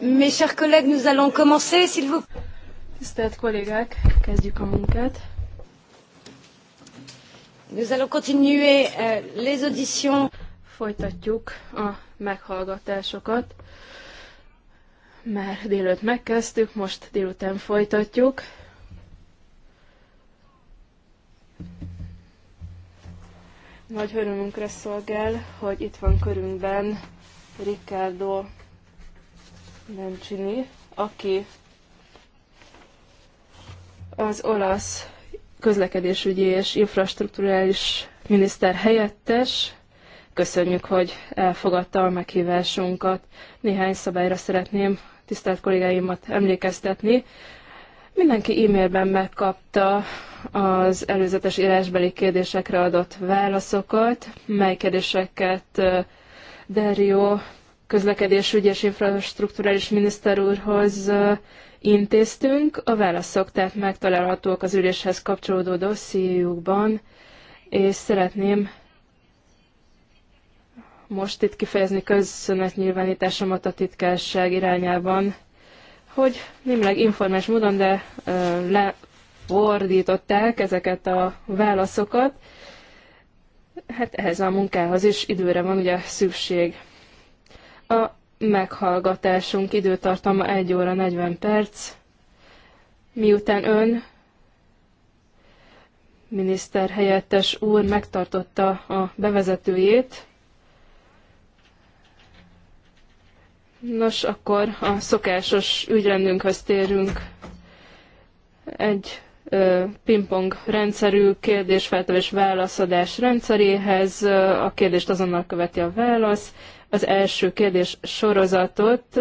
Mes chers collègues, nous allons commencer, s'il vous plaît. Tisztelt kollégák, kezdjük a munkát. Nous allons continuer euh, les auditions. Folytatjuk a meghallgatásokat. Már délőtt megkezdtük, most délután folytatjuk. Nagy örömünkre szolgál, hogy itt van körünkben Ricardo Mancini, aki az olasz közlekedésügyi és infrastruktúrális miniszter helyettes. Köszönjük, hogy elfogadta a meghívásunkat. Néhány szabályra szeretném tisztelt kollégáimat emlékeztetni. Mindenki e-mailben megkapta az előzetes írásbeli kérdésekre adott válaszokat, mely kérdéseket eh, Derio közlekedésügyi és infrastruktúrális miniszter úrhoz intéztünk. A válaszok tehát megtalálhatóak az üléshez kapcsolódó dossziéjukban, és szeretném most itt kifejezni közszönetnyilvánításomat a titkárság irányában, hogy némileg informális módon, de lefordították ezeket a válaszokat. Hát ehhez a munkához is időre van ugye szükség. A meghallgatásunk időtartama 1 óra 40 perc, miután ön, miniszter helyettes úr megtartotta a bevezetőjét. Nos, akkor a szokásos ügyrendünkhöz térünk. Egy pingpong rendszerű kérdésfeltevés válaszadás rendszeréhez. A kérdést azonnal követi a válasz az első kérdés sorozatot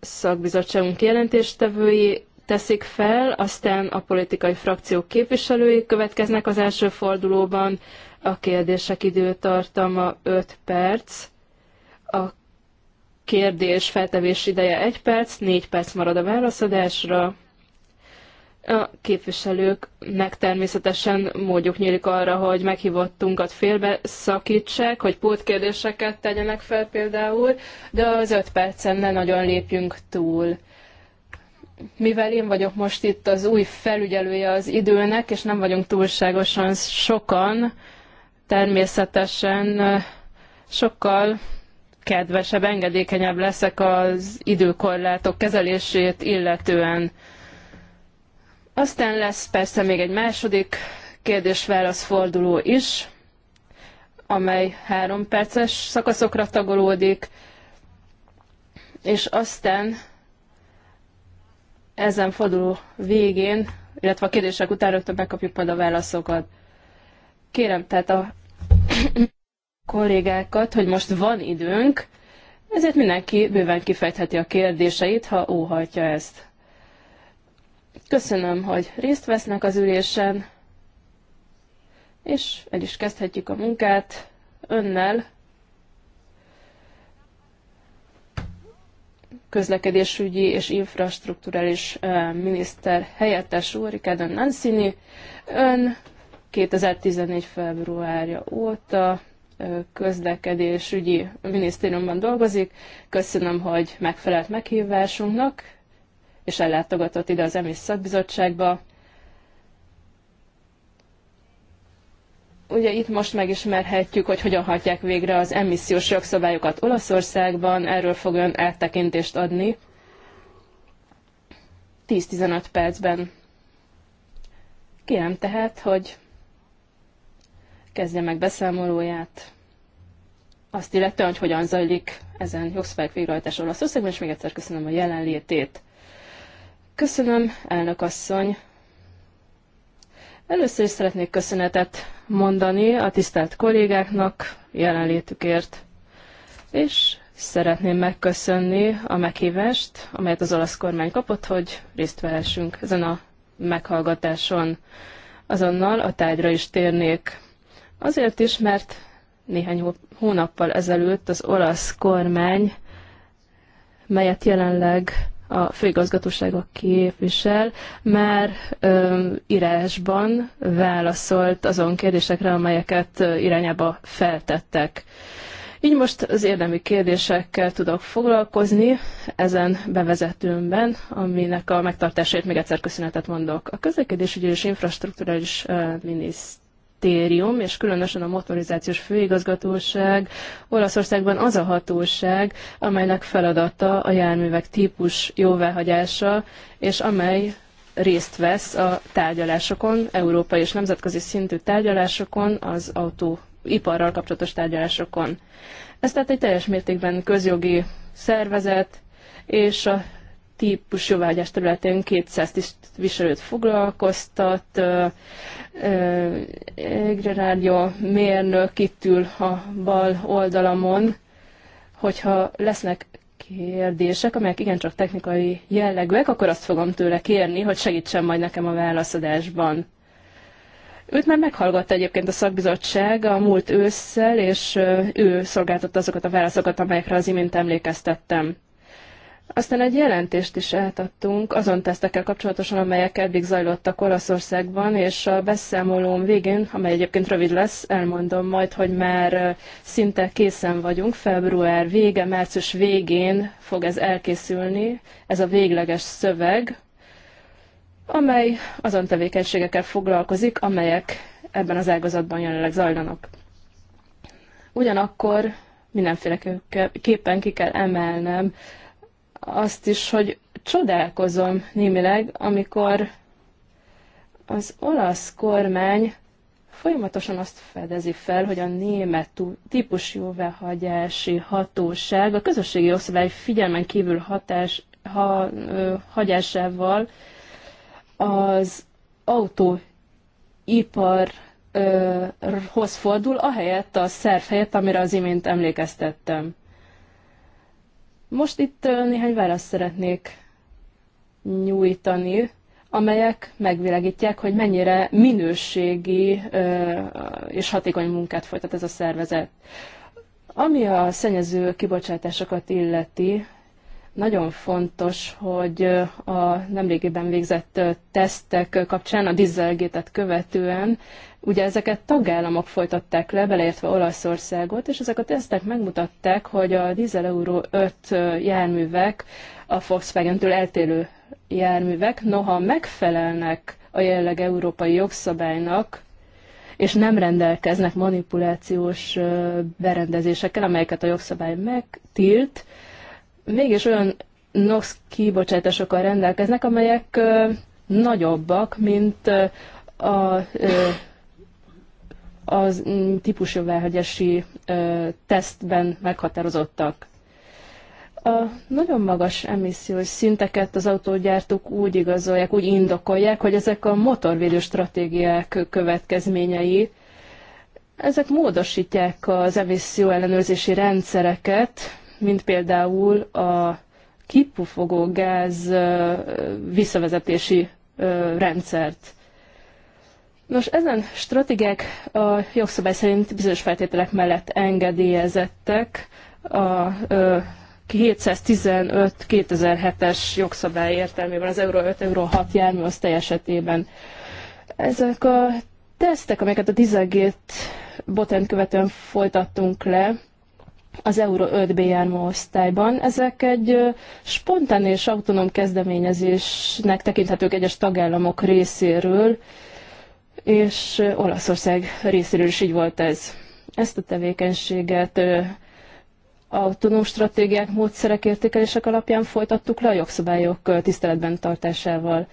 szakbizottságunk jelentéstevői teszik fel, aztán a politikai frakciók képviselői következnek az első fordulóban, a kérdések időtartama 5 perc, a kérdés feltevés ideje 1 perc, 4 perc marad a válaszadásra, a képviselőknek természetesen módjuk nyílik arra, hogy meghívottunkat félbe szakítsák, hogy pótkérdéseket tegyenek fel például, de az öt percen ne nagyon lépjünk túl. Mivel én vagyok most itt az új felügyelője az időnek, és nem vagyunk túlságosan sokan, természetesen sokkal kedvesebb, engedékenyebb leszek az időkorlátok kezelését illetően. Aztán lesz persze még egy második kérdés-válasz forduló is, amely három perces szakaszokra tagolódik, és aztán ezen forduló végén, illetve a kérdések után rögtön megkapjuk majd a válaszokat. Kérem tehát a kollégákat, hogy most van időnk, ezért mindenki bőven kifejtheti a kérdéseit, ha óhajtja ezt. Köszönöm, hogy részt vesznek az ülésen, és el is kezdhetjük a munkát önnel. közlekedésügyi és infrastruktúrális miniszter helyettes úr, Ricardo Nancini. Ön 2014. februárja óta közlekedésügyi minisztériumban dolgozik. Köszönöm, hogy megfelelt meghívásunknak és ellátogatott ide az emész szakbizottságba. Ugye itt most megismerhetjük, hogy hogyan hajtják végre az emissziós jogszabályokat Olaszországban, erről fog ön áttekintést adni 10-15 percben. Kérem tehát, hogy kezdje meg beszámolóját, azt illetően, hogy hogyan zajlik ezen jogszabályok végrehajtása Olaszországban, és még egyszer köszönöm a jelenlétét. Köszönöm, elnök asszony. Először is szeretnék köszönetet mondani a tisztelt kollégáknak jelenlétükért, és szeretném megköszönni a meghívást, amelyet az olasz kormány kapott, hogy részt vehessünk ezen a meghallgatáson. Azonnal a tárgyra is térnék. Azért is, mert néhány hónappal ezelőtt az olasz kormány, melyet jelenleg a főigazgatóság a képvisel, mert ö, írásban válaszolt azon kérdésekre, amelyeket irányába feltettek. Így most az érdemi kérdésekkel tudok foglalkozni ezen bevezetőmben, aminek a megtartásért még egyszer köszönetet mondok. A közlekedésügyi és infrastruktúrális miniszter minisztérium, és különösen a motorizációs főigazgatóság Olaszországban az a hatóság, amelynek feladata a járművek típus jóváhagyása, és amely részt vesz a tárgyalásokon, európai és nemzetközi szintű tárgyalásokon, az autóiparral kapcsolatos tárgyalásokon. Ez tehát egy teljes mértékben közjogi szervezet, és a típusú vágyás területén 200 tisztviselőt foglalkoztat, rádió mérnök itt ül a bal oldalamon, hogyha lesznek kérdések, amelyek igencsak technikai jellegűek, akkor azt fogom tőle kérni, hogy segítsen majd nekem a válaszadásban. Őt már meghallgatta egyébként a szakbizottság a múlt ősszel, és ő szolgáltatta azokat a válaszokat, amelyekre az imént emlékeztettem. Aztán egy jelentést is átadtunk azon tesztekkel kapcsolatosan, amelyek eddig zajlottak Olaszországban, és a beszámolóm végén, amely egyébként rövid lesz, elmondom majd, hogy már szinte készen vagyunk, február vége, március végén fog ez elkészülni, ez a végleges szöveg, amely azon tevékenységekkel foglalkozik, amelyek ebben az ágazatban jelenleg zajlanak. Ugyanakkor mindenféleképpen ki kell emelnem azt is, hogy csodálkozom némileg, amikor az olasz kormány folyamatosan azt fedezi fel, hogy a német típus jóváhagyási hatóság a közösségi osztály figyelmen kívül hatás, ha, ö, hagyásával az autóiparhoz fordul, ahelyett a szerv helyett, amire az imént emlékeztettem. Most itt néhány választ szeretnék nyújtani, amelyek megvilágítják, hogy mennyire minőségi és hatékony munkát folytat ez a szervezet. Ami a szennyező kibocsátásokat illeti, nagyon fontos, hogy a nemrégiben végzett tesztek kapcsán a dizelgétet követően Ugye ezeket tagállamok folytatták le, beleértve Olaszországot, és ezek a tesztek megmutatták, hogy a dízel Euro 5 járművek a Volkswagen-től eltérő járművek, noha megfelelnek a jelleg európai jogszabálynak, és nem rendelkeznek manipulációs berendezésekkel, amelyeket a jogszabály megtilt, mégis olyan NOx kibocsátásokkal rendelkeznek, amelyek nagyobbak, mint a a típusjóváhagyási tesztben meghatározottak. A nagyon magas emissziós szinteket az autógyártók úgy igazolják, úgy indokolják, hogy ezek a motorvédő stratégiák következményei, ezek módosítják az emisszió ellenőrzési rendszereket, mint például a kipufogó gáz visszavezetési rendszert. Nos, ezen stratégiák a jogszabály szerint bizonyos feltételek mellett engedélyezettek a 715-2007-es jogszabály értelmében az euró 5, euró 6 járműosztály esetében. Ezek a tesztek, amelyeket a Dieselgate botent követően folytattunk le, az Euro 5B osztályban. Ezek egy spontán és autonóm kezdeményezésnek tekinthetők egyes tagállamok részéről, és Olaszország részéről is így volt ez. Ezt a tevékenységet autonóm stratégiák, módszerek, értékelések alapján folytattuk le a jogszabályok tiszteletben tartásával.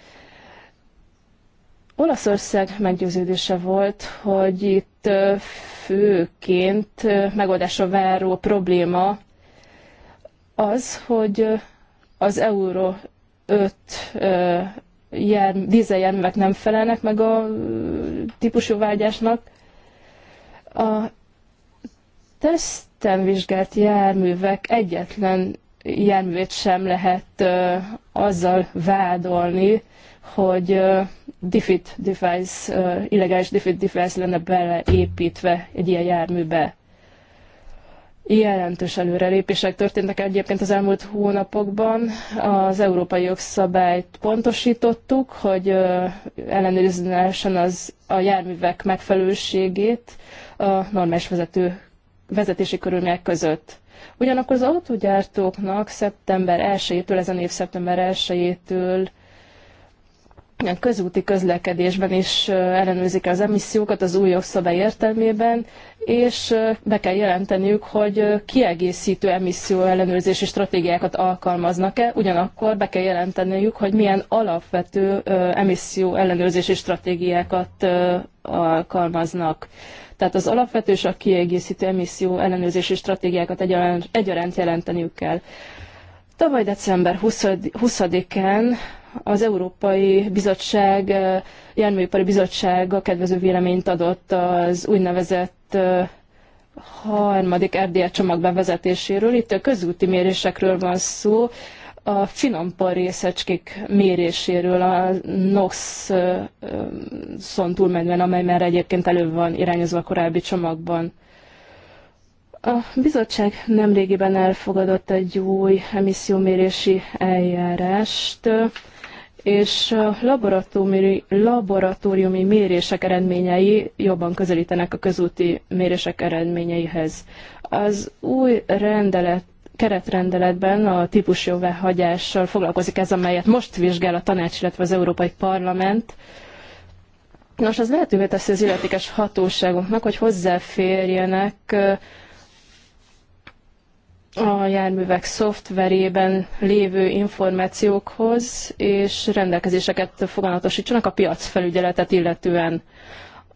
Olaszország meggyőződése volt, hogy itt főként megoldásra váró probléma az, hogy az euró 5 jár, dízeljárművek nem felelnek meg a típusú vágyásnak. A teszten vizsgált járművek egyetlen járművét sem lehet ö, azzal vádolni, hogy ö, defeat device, ö, illegális defeat device lenne beleépítve egy ilyen járműbe. Jelentős előrelépések történtek egyébként az elmúlt hónapokban. Az európai jogszabályt pontosítottuk, hogy ellenőrizni lehessen az, a járművek megfelelőségét a normális vezető, vezetési körülmények között. Ugyanakkor az autógyártóknak szeptember 1-től, ezen év szeptember 1-től a közúti közlekedésben is ellenőrzik az emissziókat az új jogszabály értelmében, és be kell jelenteniük, hogy kiegészítő emisszió ellenőrzési stratégiákat alkalmaznak-e, ugyanakkor be kell jelenteniük, hogy milyen alapvető emisszió ellenőrzési stratégiákat alkalmaznak. Tehát az alapvető és a kiegészítő emisszió ellenőrzési stratégiákat egyaránt jelenteniük kell. Tavaly december 20-án az Európai Bizottság, Járműipari a kedvező véleményt adott az úgynevezett harmadik RDL csomag bevezetéséről. Itt a közúti mérésekről van szó, a finompor részecskék méréséről, a NOx-szon túlmenően, amely már egyébként elő van irányozva a korábbi csomagban. A bizottság nemrégiben elfogadott egy új emissziómérési eljárást, és a laboratóriumi, laboratóriumi mérések eredményei jobban közelítenek a közúti mérések eredményeihez. Az új rendelet keretrendeletben a típusjóváhagyással foglalkozik ez, amelyet most vizsgál a tanács, illetve az Európai Parlament. Nos, az lehetővé teszi az illetékes hatóságoknak, hogy hozzáférjenek a járművek szoftverében lévő információkhoz, és rendelkezéseket foganatosítsanak a piacfelügyeletet illetően.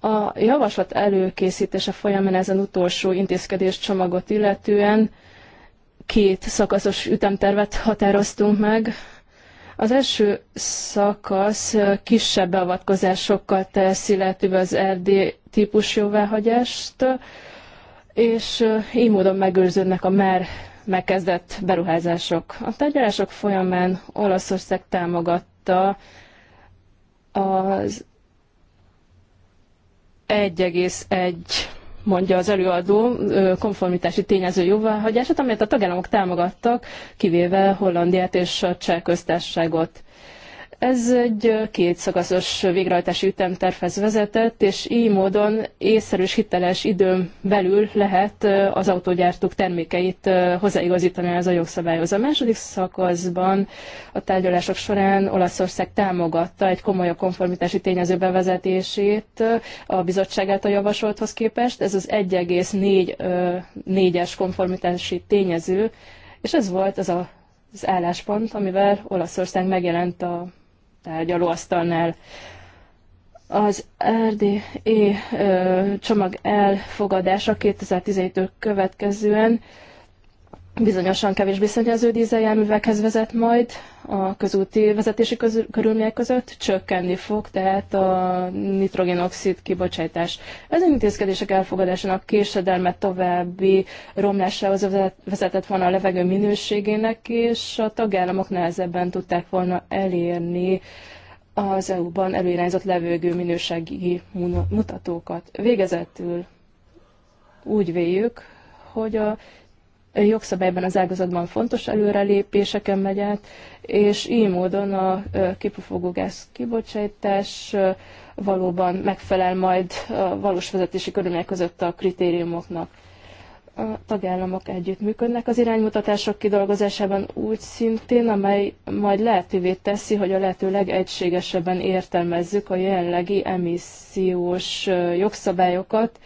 A javaslat előkészítése folyamán ezen utolsó intézkedés csomagot illetően két szakaszos ütemtervet határoztunk meg. Az első szakasz kisebb beavatkozásokkal teszi lehetőbb az RD típus jóváhagyást, és így módon megőrződnek a már megkezdett beruházások. A tárgyalások folyamán Olaszország támogatta az 1,1 mondja az előadó konformitási tényező jóváhagyását, amelyet a tagállamok támogattak, kivéve Hollandiát és a Cseh köztársaságot. Ez egy kétszakaszos végrehajtási ütemtervhez vezetett, és így módon észszerűs hiteles időn belül lehet az autógyártók termékeit hozzáigazítani az a jogszabályhoz. A második szakaszban a tárgyalások során Olaszország támogatta egy komoly konformitási tényező bevezetését a bizottság által javasolthoz képest. Ez az 1,4-es konformitási tényező, és ez volt az a az álláspont, amivel Olaszország megjelent a tárgyalóasztalnál. Az RDE csomag elfogadása 2017-től következően bizonyosan kevésbé szennyező dízeljárművekhez vezet majd a közúti vezetési közül, körülmények között, csökkenni fog, tehát a nitrogénoxid kibocsátás. Ezen intézkedések elfogadásának késedelme további romlásához vezetett volna a levegő minőségének, és a tagállamok nehezebben tudták volna elérni az EU-ban előirányzott levegő minőségi mutatókat. Végezetül úgy véljük, hogy a jogszabályban az ágazatban fontos előrelépéseken megy át, és így módon a kipufogógáz kibocsátás valóban megfelel majd a valós vezetési körülmények között a kritériumoknak. A tagállamok együttműködnek az iránymutatások kidolgozásában úgy szintén, amely majd lehetővé teszi, hogy a lehető legegységesebben értelmezzük a jelenlegi emissziós jogszabályokat,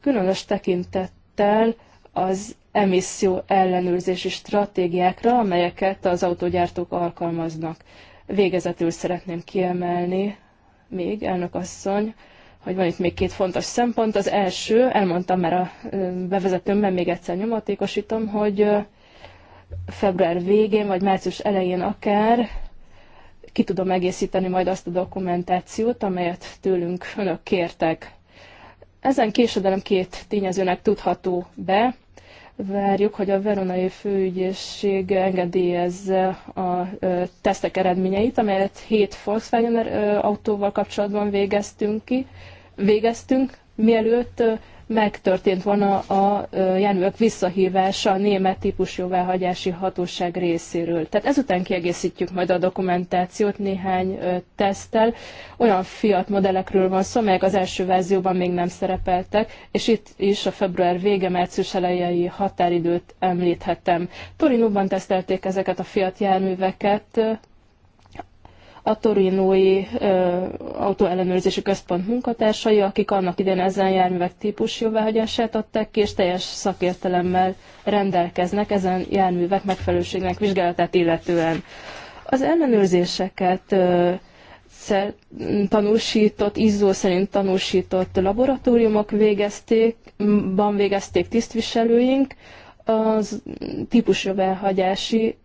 különös tekintettel az emisszió ellenőrzési stratégiákra, amelyeket az autógyártók alkalmaznak. Végezetül szeretném kiemelni még, elnök asszony, hogy van itt még két fontos szempont. Az első, elmondtam már a bevezetőmben, még egyszer nyomatékosítom, hogy február végén, vagy március elején akár ki tudom egészíteni majd azt a dokumentációt, amelyet tőlünk önök kértek. Ezen késedelem két tényezőnek tudható be várjuk, hogy a veronai főügyészség engedélyezze a tesztek eredményeit, amelyet 7 Volkswagen autóval kapcsolatban végeztünk ki, végeztünk, mielőtt megtörtént volna a járművek visszahívása a német típus jóváhagyási hatóság részéről. Tehát ezután kiegészítjük majd a dokumentációt néhány teszttel. Olyan fiat modellekről van szó, amelyek az első verzióban még nem szerepeltek, és itt is a február vége, március elejei határidőt említhetem. Torinóban tesztelték ezeket a fiat járműveket, a torinói autóellenőrzési központ munkatársai, akik annak idén ezen járművek típus jóváhagyását adták ki, és teljes szakértelemmel rendelkeznek ezen járművek megfelelőségnek vizsgálatát illetően. Az ellenőrzéseket ö, tanúsított, izzó szerint tanúsított laboratóriumok végezték, ban végezték tisztviselőink, az típusjobb elhagyási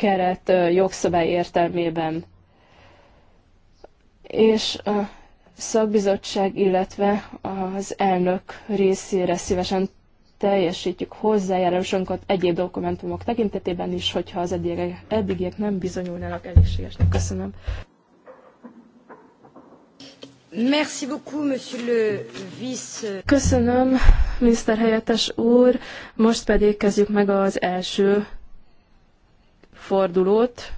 keret jogszabály értelmében. És a szakbizottság, illetve az elnök részére szívesen teljesítjük hozzájárulásunkat egyéb dokumentumok tekintetében is, hogyha az eddigiek, eddigiek nem bizonyulnának elégségesnek. Köszönöm. Merci beaucoup, monsieur le vice. Köszönöm, miniszter helyettes úr. Most pedig kezdjük meg az első fordulót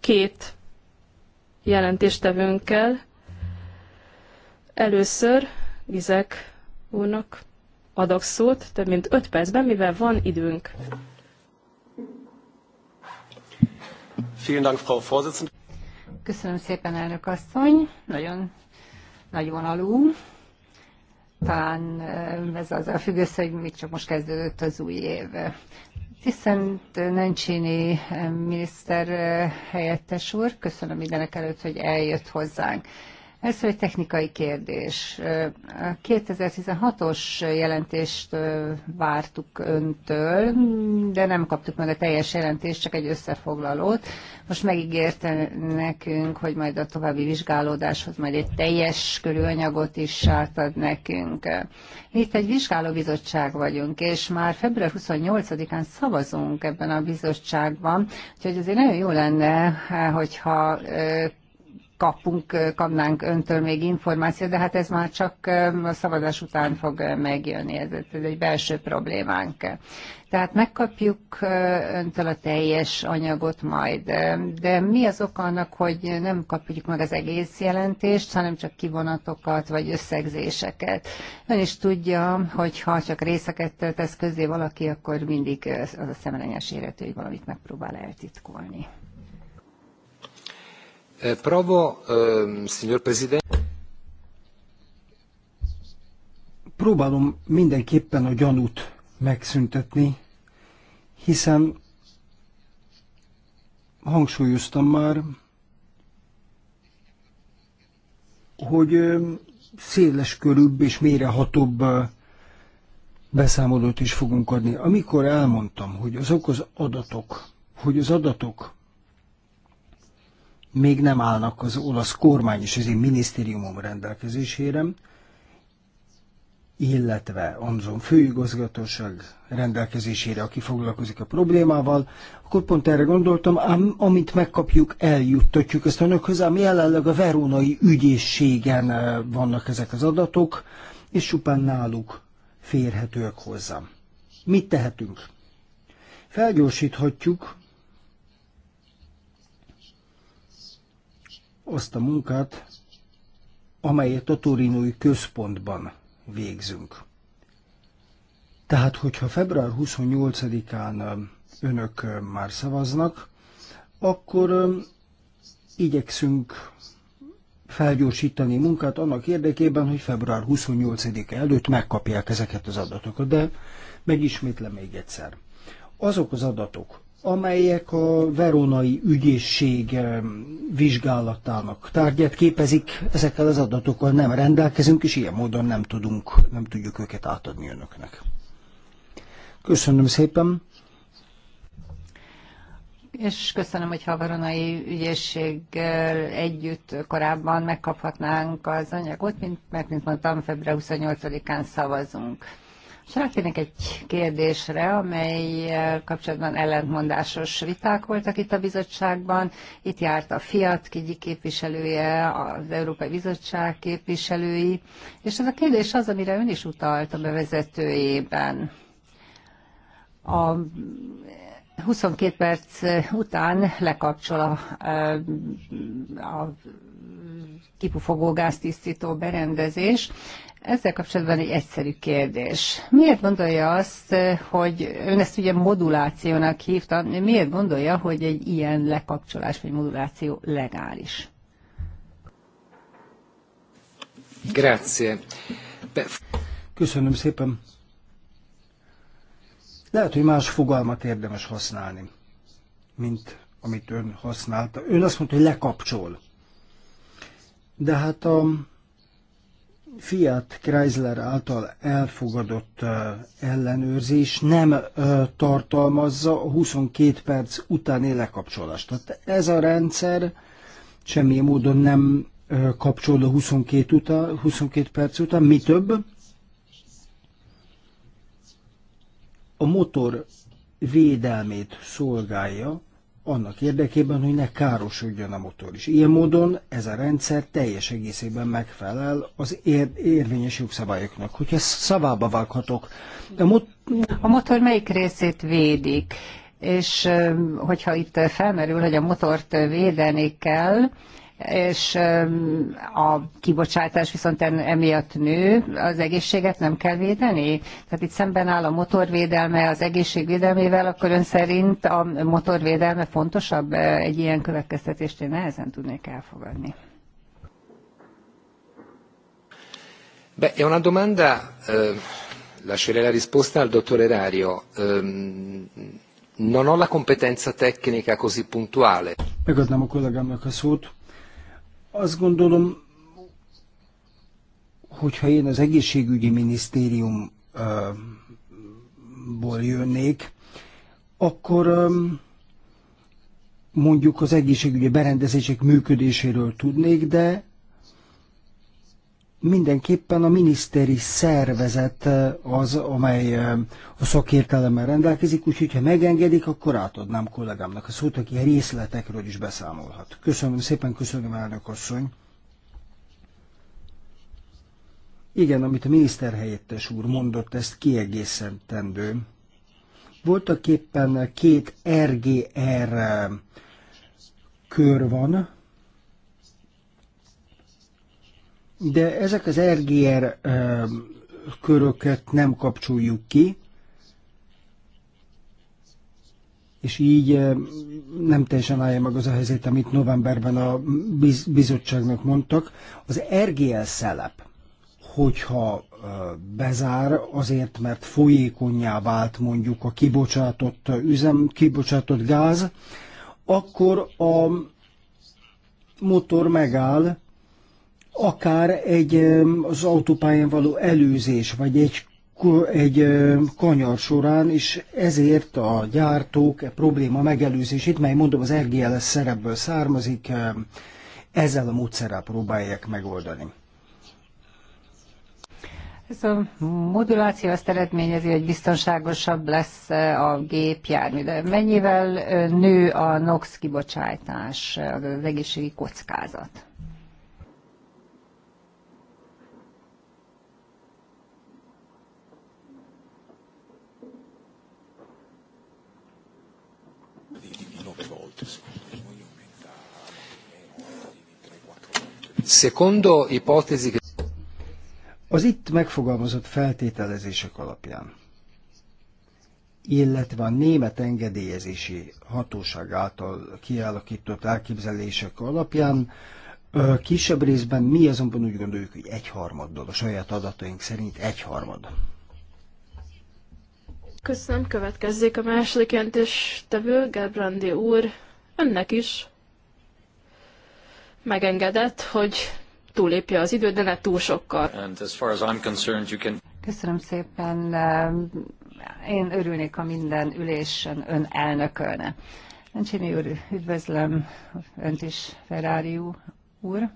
két jelentéstevőnkkel. Először Gizek úrnak adok szót több mint öt percben, mivel van időnk. Köszönöm szépen, elnök asszony. Nagyon nagy vonalú. Talán eh, ez az függ össze, hogy még csak most kezdődött az új év. Tisztelt Nencsini eh, miniszter eh, helyettes úr, köszönöm mindenek előtt, hogy eljött hozzánk. Először egy technikai kérdés. A 2016-os jelentést vártuk öntől, de nem kaptuk meg a teljes jelentést, csak egy összefoglalót. Most megígérte nekünk, hogy majd a további vizsgálódáshoz majd egy teljes körülanyagot is átad nekünk. Itt egy vizsgálóbizottság vagyunk, és már február 28-án szavazunk ebben a bizottságban, úgyhogy azért nagyon jó lenne, hogyha kapunk, kapnánk öntől még információt, de hát ez már csak a szavazás után fog megjönni, ez, ez egy belső problémánk. Tehát megkapjuk öntől a teljes anyagot majd, de mi az oka annak, hogy nem kapjuk meg az egész jelentést, hanem csak kivonatokat vagy összegzéseket. Ön is tudja, hogy ha csak részeket tesz közé valaki, akkor mindig az a szemelenyes életű, hogy valamit megpróbál eltitkolni. Eh, ehm, Próbálom mindenképpen a gyanút megszüntetni, hiszen hangsúlyoztam már, hogy ehm, széles körűbb és mérehatóbb eh, beszámolót is fogunk adni. Amikor elmondtam, hogy azok az adatok, hogy az adatok, még nem állnak az olasz kormány és az én minisztériumom rendelkezésére, illetve Amazon főigazgatóság rendelkezésére, aki foglalkozik a problémával, akkor pont erre gondoltam, ám amit megkapjuk, eljuttatjuk ezt önökhöz, ám jelenleg a verónai ügyészségen vannak ezek az adatok, és csupán náluk férhetőek hozzá. Mit tehetünk? Felgyorsíthatjuk azt a munkát, amelyet a Torinói központban végzünk. Tehát, hogyha február 28-án um, önök um, már szavaznak, akkor um, igyekszünk felgyorsítani munkát annak érdekében, hogy február 28-e előtt megkapják ezeket az adatokat. De megismétlem még egyszer. Azok az adatok, amelyek a veronai ügyészség eh, vizsgálatának tárgyát képezik. Ezekkel az adatokkal nem rendelkezünk, és ilyen módon nem tudunk, nem tudjuk őket átadni önöknek. Köszönöm szépen! és köszönöm, hogy a Varonai Ügyészséggel együtt korábban megkaphatnánk az anyagot, mint, mert mint mondtam, február 28-án szavazunk. Szeretnék szóval egy kérdésre, amely eh, kapcsolatban ellentmondásos viták voltak itt a bizottságban. Itt járt a Fiat kigyi képviselője, az Európai Bizottság képviselői, és ez a kérdés az, amire ön is utalt a bevezetőjében. A 22 perc után lekapcsol a, eh, a kipufogó gáztisztító berendezés, ezzel kapcsolatban egy egyszerű kérdés. Miért gondolja azt, hogy ön ezt ugye modulációnak hívta, miért gondolja, hogy egy ilyen lekapcsolás vagy moduláció legális? Grazie. Köszönöm szépen. Lehet, hogy más fogalmat érdemes használni, mint amit ön használta. Ön azt mondta, hogy lekapcsol. De hát a Fiat Chrysler által elfogadott ellenőrzés nem tartalmazza a 22 perc utáni lekapcsolást. Tehát ez a rendszer semmilyen módon nem kapcsol a 22, után, 22 perc után, mi több, a motor védelmét szolgálja, annak érdekében, hogy ne károsodjon a motor is. Ilyen módon ez a rendszer teljes egészében megfelel az ér- érvényes jogszabályoknak. Hogyha szavába vághatok. A, mot- a motor melyik részét védik? És hogyha itt felmerül, hogy a motort védeni kell, és a kibocsátás viszont emiatt nő, az egészséget nem kell védeni? Tehát itt szemben áll a motorvédelme az egészségvédelmével, akkor ön szerint a motorvédelme fontosabb? Egy ilyen következtetést én nehezen tudnék elfogadni. Beh, è una domanda, eh, lascerei la risposta al dottor Erario. Eh, non ho la competenza tecnica così puntuale. Megadnám a kollégámnak a szót. Azt gondolom, hogyha én az egészségügyi minisztériumból um, jönnék, akkor um, mondjuk az egészségügyi berendezések működéséről tudnék, de mindenképpen a miniszteri szervezet eh, az, amely eh, a szakértelemmel rendelkezik, úgyhogy ha megengedik, akkor átadnám kollégámnak a szót, aki a részletekről is beszámolhat. Köszönöm szépen, köszönöm elnök asszony. Igen, amit a miniszter helyettes úr mondott, ezt kiegészítendő. Voltak éppen két RGR eh, kör van, de ezek az RGR köröket nem kapcsoljuk ki, és így nem teljesen állja meg az a helyzet, amit novemberben a biz- bizottságnak mondtak. Az RGL szelep, hogyha bezár, azért, mert folyékonyá vált mondjuk a kibocsátott üzem, kibocsátott gáz, akkor a motor megáll, akár egy az autópályán való előzés, vagy egy egy kanyar során, és ezért a gyártók a e probléma megelőzését, mely mondom az RGLS szerepből származik, ezzel a módszerrel próbálják megoldani. Ez a moduláció azt eredményezi, hogy biztonságosabb lesz e, a gépjármű, de mennyivel e, nő a NOx kibocsátás, az egészségi kockázat? Secondo ipotesi che... Az itt megfogalmazott feltételezések alapján, illetve a német engedélyezési hatóság által kialakított elképzelések alapján kisebb részben mi azonban úgy gondoljuk, hogy egyharmaddal, a saját adataink szerint egyharmad. Köszönöm, következzék a második jelentéstevő, Gerbrandi úr, önnek is megengedett, hogy túlépje az időt, de ne túl sokkal. As as can... Köszönöm szépen. Eh, én örülnék, ha minden ülésen ön elnökölne. Ancsini úr, üdvözlöm önt is, Ferrari úr.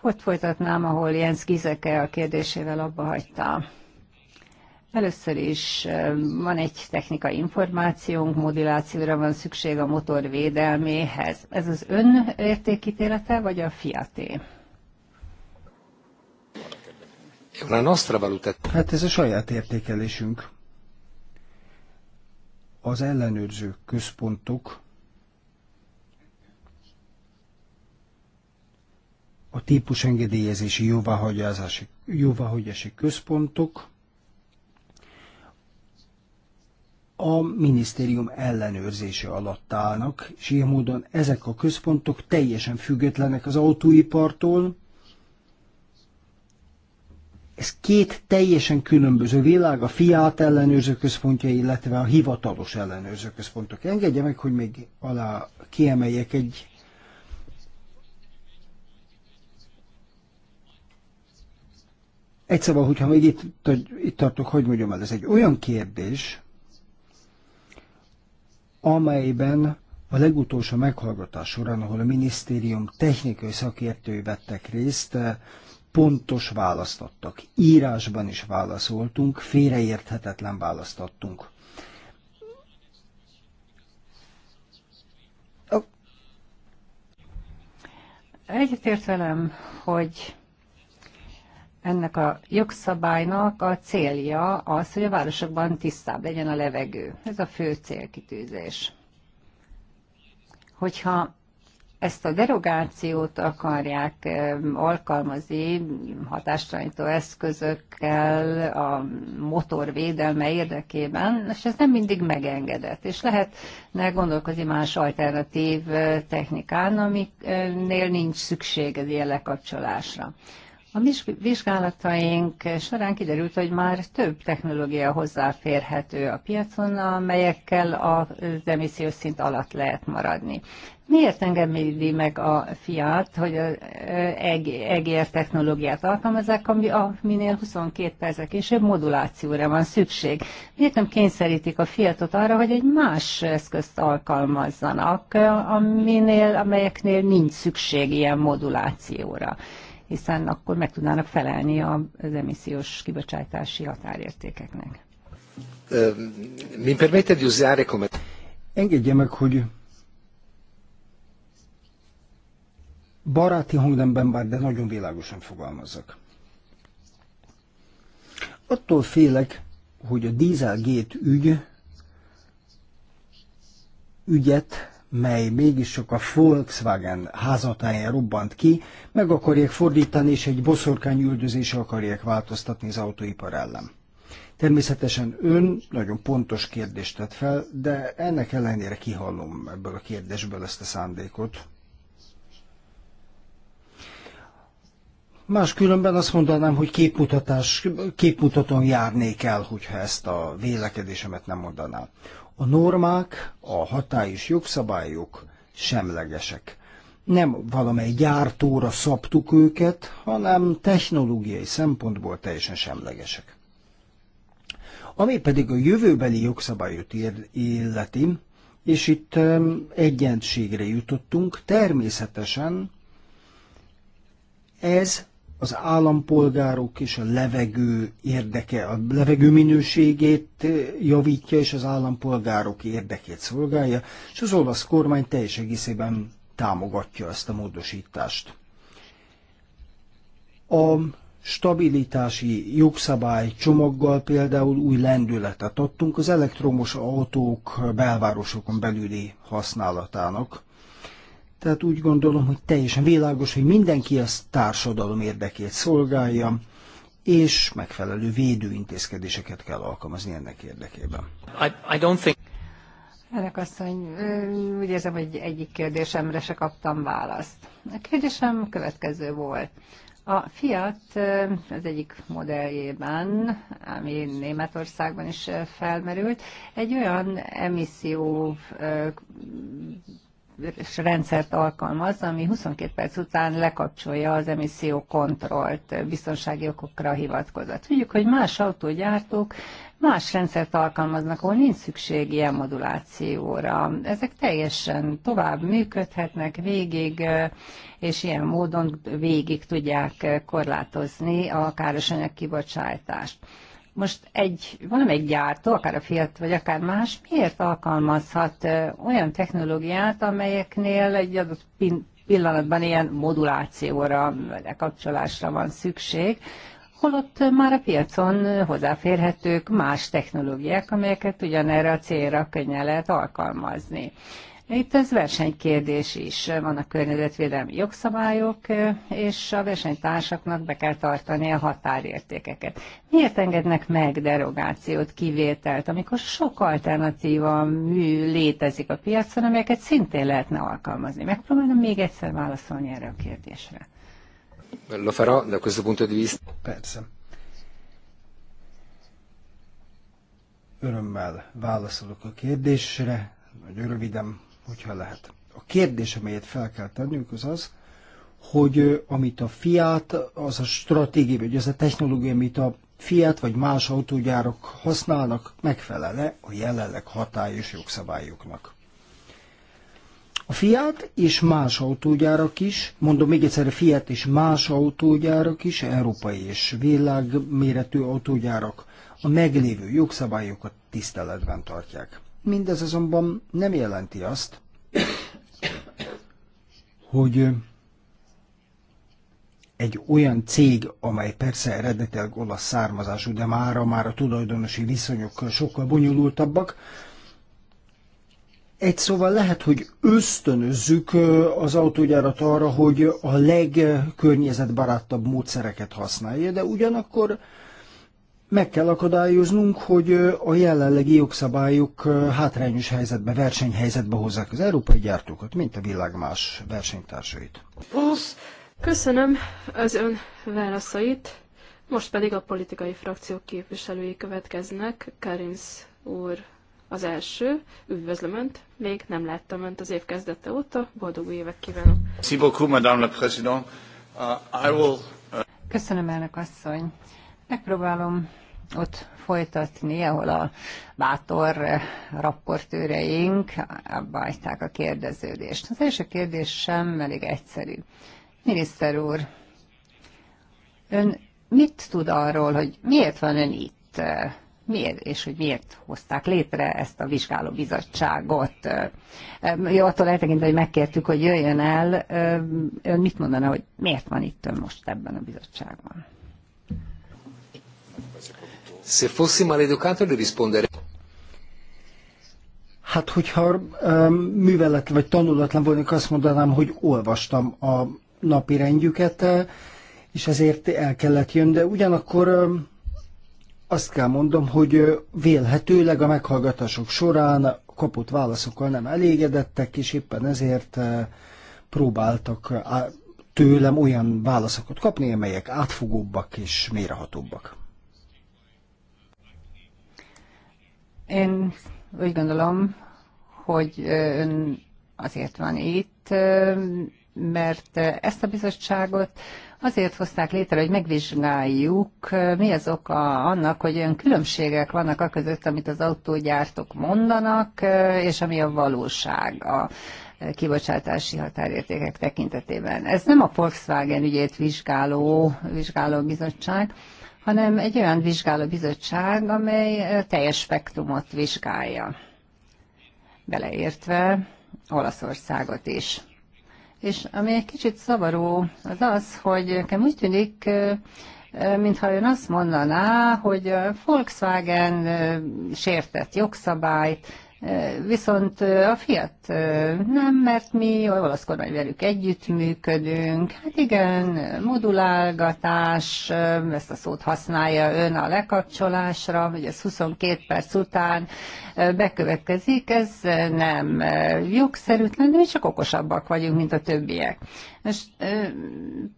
Ott folytatnám, ahol Jens Gizeke a kérdésével abba hagyta. Először is um, van egy technikai információnk, modulációra van szükség a motor védelméhez. Ez az ön értékítélete, vagy a fiaté? Hát ez a saját értékelésünk. Az ellenőrző központok a típusengedélyezési jóváhagyási, jóváhagyási központok a minisztérium ellenőrzése alatt állnak, és ilyen módon ezek a központok teljesen függetlenek az autóipartól. Ez két teljesen különböző világ, a Fiat ellenőrző központja, illetve a hivatalos ellenőrző központok. Engedje meg, hogy még alá kiemeljek egy Egy szóval, hogyha még itt, itt tartok, hogy mondjam el, ez egy olyan kérdés, amelyben a legutolsó meghallgatás során, ahol a minisztérium technikai szakértői vettek részt, eh, pontos választ adtak. Írásban is válaszoltunk, félreérthetetlen választ adtunk. hogy ennek a jogszabálynak a célja az, hogy a városokban tisztább legyen a levegő. Ez a fő célkitűzés. Hogyha ezt a derogációt akarják alkalmazni hatástalanító eszközökkel a motor védelme érdekében, és ez nem mindig megengedett. És lehetne gondolkozni más alternatív technikán, aminél nincs szükség az ilyen lekapcsolásra. A vizsgálataink során kiderült, hogy már több technológia hozzáférhető a piacon, amelyekkel az emissziós szint alatt lehet maradni. Miért engedi meg a Fiat, hogy az EGR technológiát alkalmazzák, ami a minél 22 percre később modulációra van szükség? Miért nem kényszerítik a Fiatot arra, hogy egy más eszközt alkalmazzanak, aminél, amelyeknél nincs szükség ilyen modulációra? hiszen akkor meg tudnának felelni az emissziós kibocsátási határértékeknek. Mi permette usare come... Engedje meg, hogy baráti hangnemben bár, de nagyon világosan fogalmazok. Attól félek, hogy a dízelgét ügy ügyet mely mégis csak a Volkswagen házatáján robbant ki, meg akarják fordítani, és egy boszorkány üldözésre akarják változtatni az autóipar ellen. Természetesen ön nagyon pontos kérdést tett fel, de ennek ellenére kihallom ebből a kérdésből ezt a szándékot. Máskülönben azt mondanám, hogy képmutatás, képmutatón járnék el, hogyha ezt a vélekedésemet nem mondanám. A normák, a hatályos jogszabályok semlegesek. Nem valamely gyártóra szabtuk őket, hanem technológiai szempontból teljesen semlegesek. Ami pedig a jövőbeli jogszabályot illeti, és itt egyentségre jutottunk, természetesen ez az állampolgárok és a levegő érdeke, a levegő minőségét eh, javítja, és az állampolgárok érdekét szolgálja, és az olasz kormány teljes egészében támogatja ezt a módosítást. A stabilitási jogszabály csomaggal például új lendületet adtunk az elektromos autók belvárosokon belüli használatának. Tehát úgy gondolom, hogy teljesen világos, hogy mindenki a társadalom érdekét szolgálja, és megfelelő védőintézkedéseket kell alkalmazni ennek érdekében. I, I don't think... Ennek asszony, úgy érzem, hogy egyik kérdésemre se kaptam választ. A kérdésem következő volt. A Fiat az egyik modelljében, ami Németországban is felmerült, egy olyan emisszió és rendszert alkalmaz, ami 22 perc után lekapcsolja az emissziókontrollt biztonsági okokra hivatkozat. Tudjuk, hogy más autógyártók más rendszert alkalmaznak, ahol nincs szükség ilyen modulációra. Ezek teljesen tovább működhetnek végig, és ilyen módon végig tudják korlátozni a károsanyag kibocsátást. Most egy valamelyik gyártó, akár a Fiat, vagy akár más, miért alkalmazhat olyan technológiát, amelyeknél egy adott pillanatban ilyen modulációra, lekapcsolásra van szükség, holott már a piacon hozzáférhetők más technológiák, amelyeket ugyanerre a célra könnyen lehet alkalmazni. Itt ez versenykérdés is. Vannak környezetvédelmi jogszabályok, és a versenytársaknak be kell tartani a határértékeket. Miért engednek meg derogációt, kivételt, amikor sok alternatíva mű létezik a piacon, amelyeket szintén lehetne alkalmazni? Megpróbálom még egyszer válaszolni erre a kérdésre. Lo de da questo punto Persze. Örömmel válaszolok a kérdésre, nagyon röviden hogyha lehet. A kérdés, amelyet fel kell tennünk, az az, hogy amit a Fiat, az a stratégia, vagy az a technológia, amit a Fiat vagy más autógyárok használnak, megfelele a jelenleg hatályos jogszabályoknak. A Fiat és más autógyárak is, mondom még egyszer, a Fiat és más autógyárak is, európai és világméretű autógyárak a meglévő jogszabályokat tiszteletben tartják. Mindez azonban nem jelenti azt, hogy egy olyan cég, amely persze eredetileg olasz származású, de mára már a tulajdonosi viszonyok sokkal bonyolultabbak, egy szóval lehet, hogy ösztönözzük az autógyárat arra, hogy a legkörnyezetbarátabb módszereket használja, de ugyanakkor meg kell akadályoznunk, hogy a jelenlegi jogszabályok hátrányos helyzetbe, versenyhelyzetbe hozzák az európai gyártókat, mint a világ más versenytársait. Köszönöm az ön válaszait. Most pedig a politikai frakciók képviselői következnek. Karinsz úr az első. Üdvözlöm Önt. Még nem láttam Önt az év kezdete óta. Boldog új évek kívánok. Uh, uh, Köszönöm, elnök asszony. Megpróbálom ott folytatni, ahol a bátor eh, rapportőreink abbajták a kérdeződést. Az első kérdés sem elég egyszerű. Miniszter úr, ön mit tud arról, hogy miért van ön itt? miért, és hogy miért hozták létre ezt a vizsgálóbizottságot. Eh, jó, attól eltekintve, hogy megkértük, hogy jöjjön el, eh, ön mit mondana, hogy miért van itt ön most ebben a bizottságban? Se fossi maleducato, le Hát, hogyha um, művelet vagy tanulatlan volnék, azt mondanám, hogy olvastam a napi rendjüket, és ezért el kellett jönni. de ugyanakkor azt kell mondom, hogy vélhetőleg a meghallgatások során kapott válaszokkal nem elégedettek, és éppen ezért próbáltak tőlem olyan válaszokat kapni, amelyek átfogóbbak és mérehatóbbak. Én úgy gondolom, hogy ön azért van itt, mert ezt a bizottságot azért hozták létre, hogy megvizsgáljuk, mi az oka annak, hogy olyan különbségek vannak a között, amit az autógyártók mondanak, és ami a valóság a kibocsátási határértékek tekintetében. Ez nem a Volkswagen ügyét vizsgáló, vizsgáló bizottság, hanem egy olyan vizsgálóbizottság, amely teljes spektrumot vizsgálja, beleértve Olaszországot is. És ami egy kicsit szavaró, az az, hogy nekem úgy tűnik, mintha ön azt mondaná, hogy Volkswagen sértett jogszabályt, Viszont a fiat nem, mert mi olasz kormány velük együttműködünk. Hát igen, modulálgatás, ezt a szót használja ön a lekapcsolásra, hogy ez 22 perc után bekövetkezik, ez nem jogszerűtlen, mi csak okosabbak vagyunk, mint a többiek. Most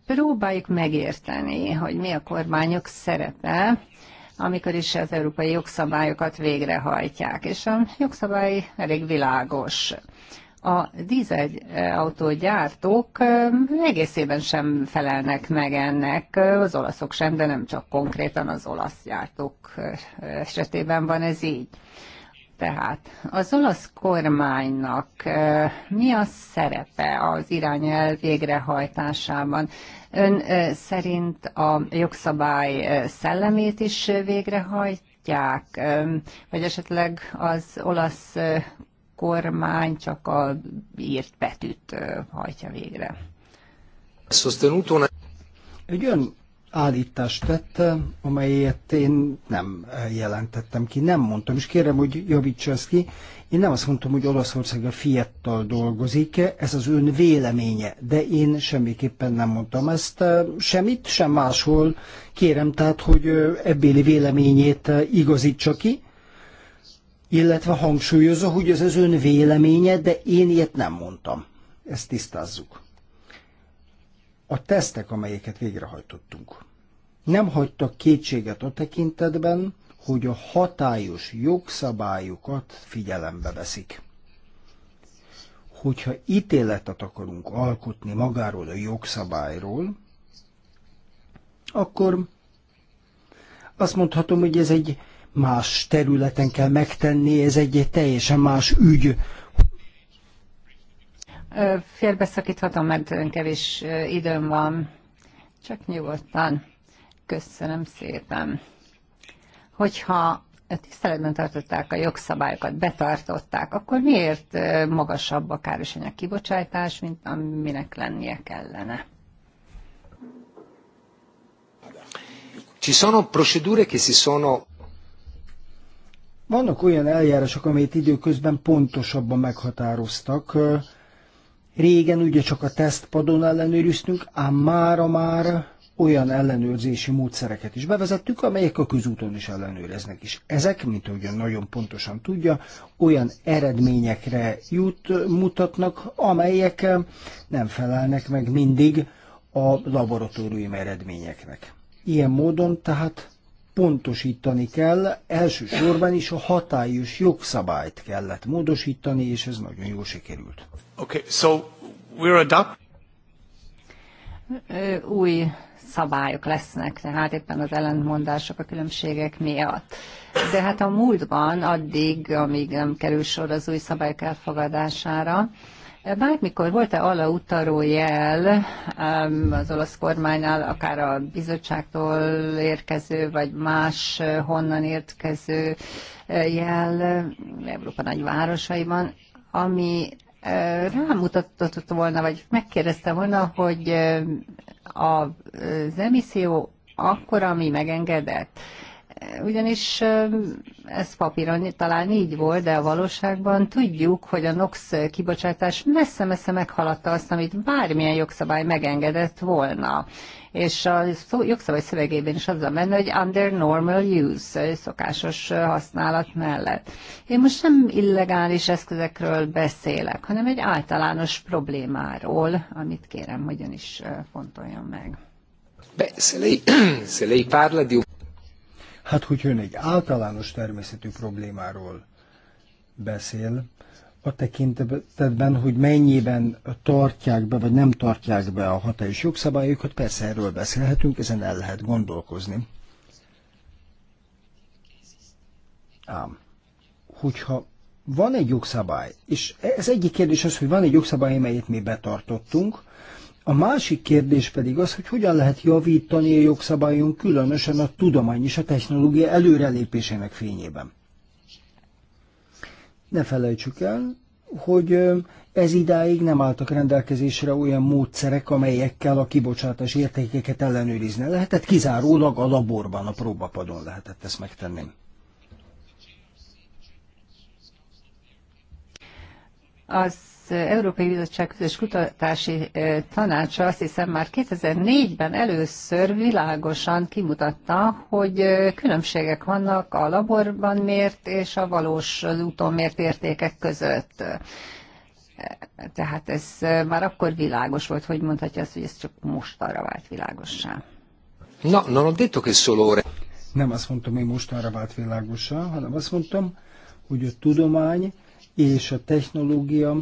próbáljuk megérteni, hogy mi a kormányok szerepe, amikor is az európai jogszabályokat végrehajtják. És a jogszabály elég világos a dízelautógyártók egészében sem felelnek meg ennek, az olaszok sem, de nem csak konkrétan az olasz gyártók esetében van ez így. Tehát az olasz kormánynak mi a szerepe az irányelv végrehajtásában? Ön szerint a jogszabály szellemét is végrehajtják, vagy esetleg az olasz kormány csak a írt betűt hajtja végre? Egy olyan állítást tett, amelyet én nem jelentettem ki, nem mondtam, és kérem, hogy javítsa ezt ki. Én nem azt mondtam, hogy Olaszország a fiattal dolgozik, ez az ön véleménye, de én semmiképpen nem mondtam ezt e, semmit, sem máshol. Kérem tehát, hogy e, ebbéli véleményét e, igazítsa ki, illetve hangsúlyozza, hogy ez az ön véleménye, de én ilyet nem mondtam. Ezt tisztázzuk. A tesztek, amelyeket végrehajtottunk, nem hagytak kétséget a tekintetben, hogy a hatályos jogszabályokat figyelembe veszik. Hogyha ítéletet akarunk alkotni magáról a jogszabályról, akkor azt mondhatom, hogy ez egy más területen kell megtenni, ez egy, teljesen más ügy. Félbeszakíthatom, mert kevés időm van. Csak nyugodtan. Köszönöm szépen hogyha tiszteletben tartották a jogszabályokat, betartották, akkor miért magasabb a károsanyag kibocsátás, mint aminek lennie kellene? Ci sono procedure che si sono vannak olyan eljárások, amelyet időközben pontosabban meghatároztak. Régen ugye csak a tesztpadon ellenőriztünk, ám mára már olyan ellenőrzési módszereket is bevezettük, amelyek a közúton is ellenőreznek is. Ezek, mint ahogyan nagyon pontosan tudja, olyan eredményekre jut, mutatnak, amelyek eh, nem felelnek meg mindig a laboratórium eredményeknek. Ilyen módon tehát pontosítani kell, elsősorban is a hatályos jogszabályt kellett módosítani, és ez nagyon jól sikerült. Okay, so we're adapt- új szabályok lesznek, tehát éppen az ellentmondások, a különbségek miatt. De hát a múltban, addig, amíg nem kerül sor az új szabályok elfogadására, Bármikor volt-e ala utaró jel az olasz kormánynál, akár a bizottságtól érkező, vagy más honnan érkező eh, jel Európa városaiban, ami eh, rámutatott volna, vagy megkérdezte volna, hogy eh, az emisszió akkor, ami megengedett. Ugyanis ez papíron talán így volt, de a valóságban tudjuk, hogy a NOx kibocsátás messze-messze meghaladta azt, amit bármilyen jogszabály megengedett volna és a jogszabály szövegében is azzal menne, hogy under normal use, szokásos használat mellett. Én most nem illegális eszközekről beszélek, hanem egy általános problémáról, amit kérem, ön is fontoljon meg. parla di Hát, hogy ön egy általános természetű problémáról beszél, a tekintetben, hogy mennyiben tartják be, vagy nem tartják be a hatályos jogszabályokat, persze erről beszélhetünk, ezen el lehet gondolkozni. Ám, hogyha van egy jogszabály, és ez egyik kérdés az, hogy van egy jogszabály, melyet mi betartottunk, a másik kérdés pedig az, hogy hogyan lehet javítani a jogszabályon, különösen a tudomány és a technológia előrelépésének fényében. Ne felejtsük el, hogy ez idáig nem álltak rendelkezésre olyan módszerek, amelyekkel a kibocsátás értékeket ellenőrizni lehetett, kizárólag a laborban, a próbapadon lehetett ezt megtenni. Az Európai Bizottság közös kutatási eh, tanácsa azt hiszem már 2004-ben először világosan kimutatta, hogy eh, különbségek vannak a laborban mért és a valós úton mért értékek között. Eh, tehát ez már akkor világos volt, hogy mondhatja azt, hogy ez csak most arra vált világossá. Na, non no, detto che Nem azt mondtam, hogy most arra vált világossá, hanem azt mondtam, hogy a tudomány és a technológia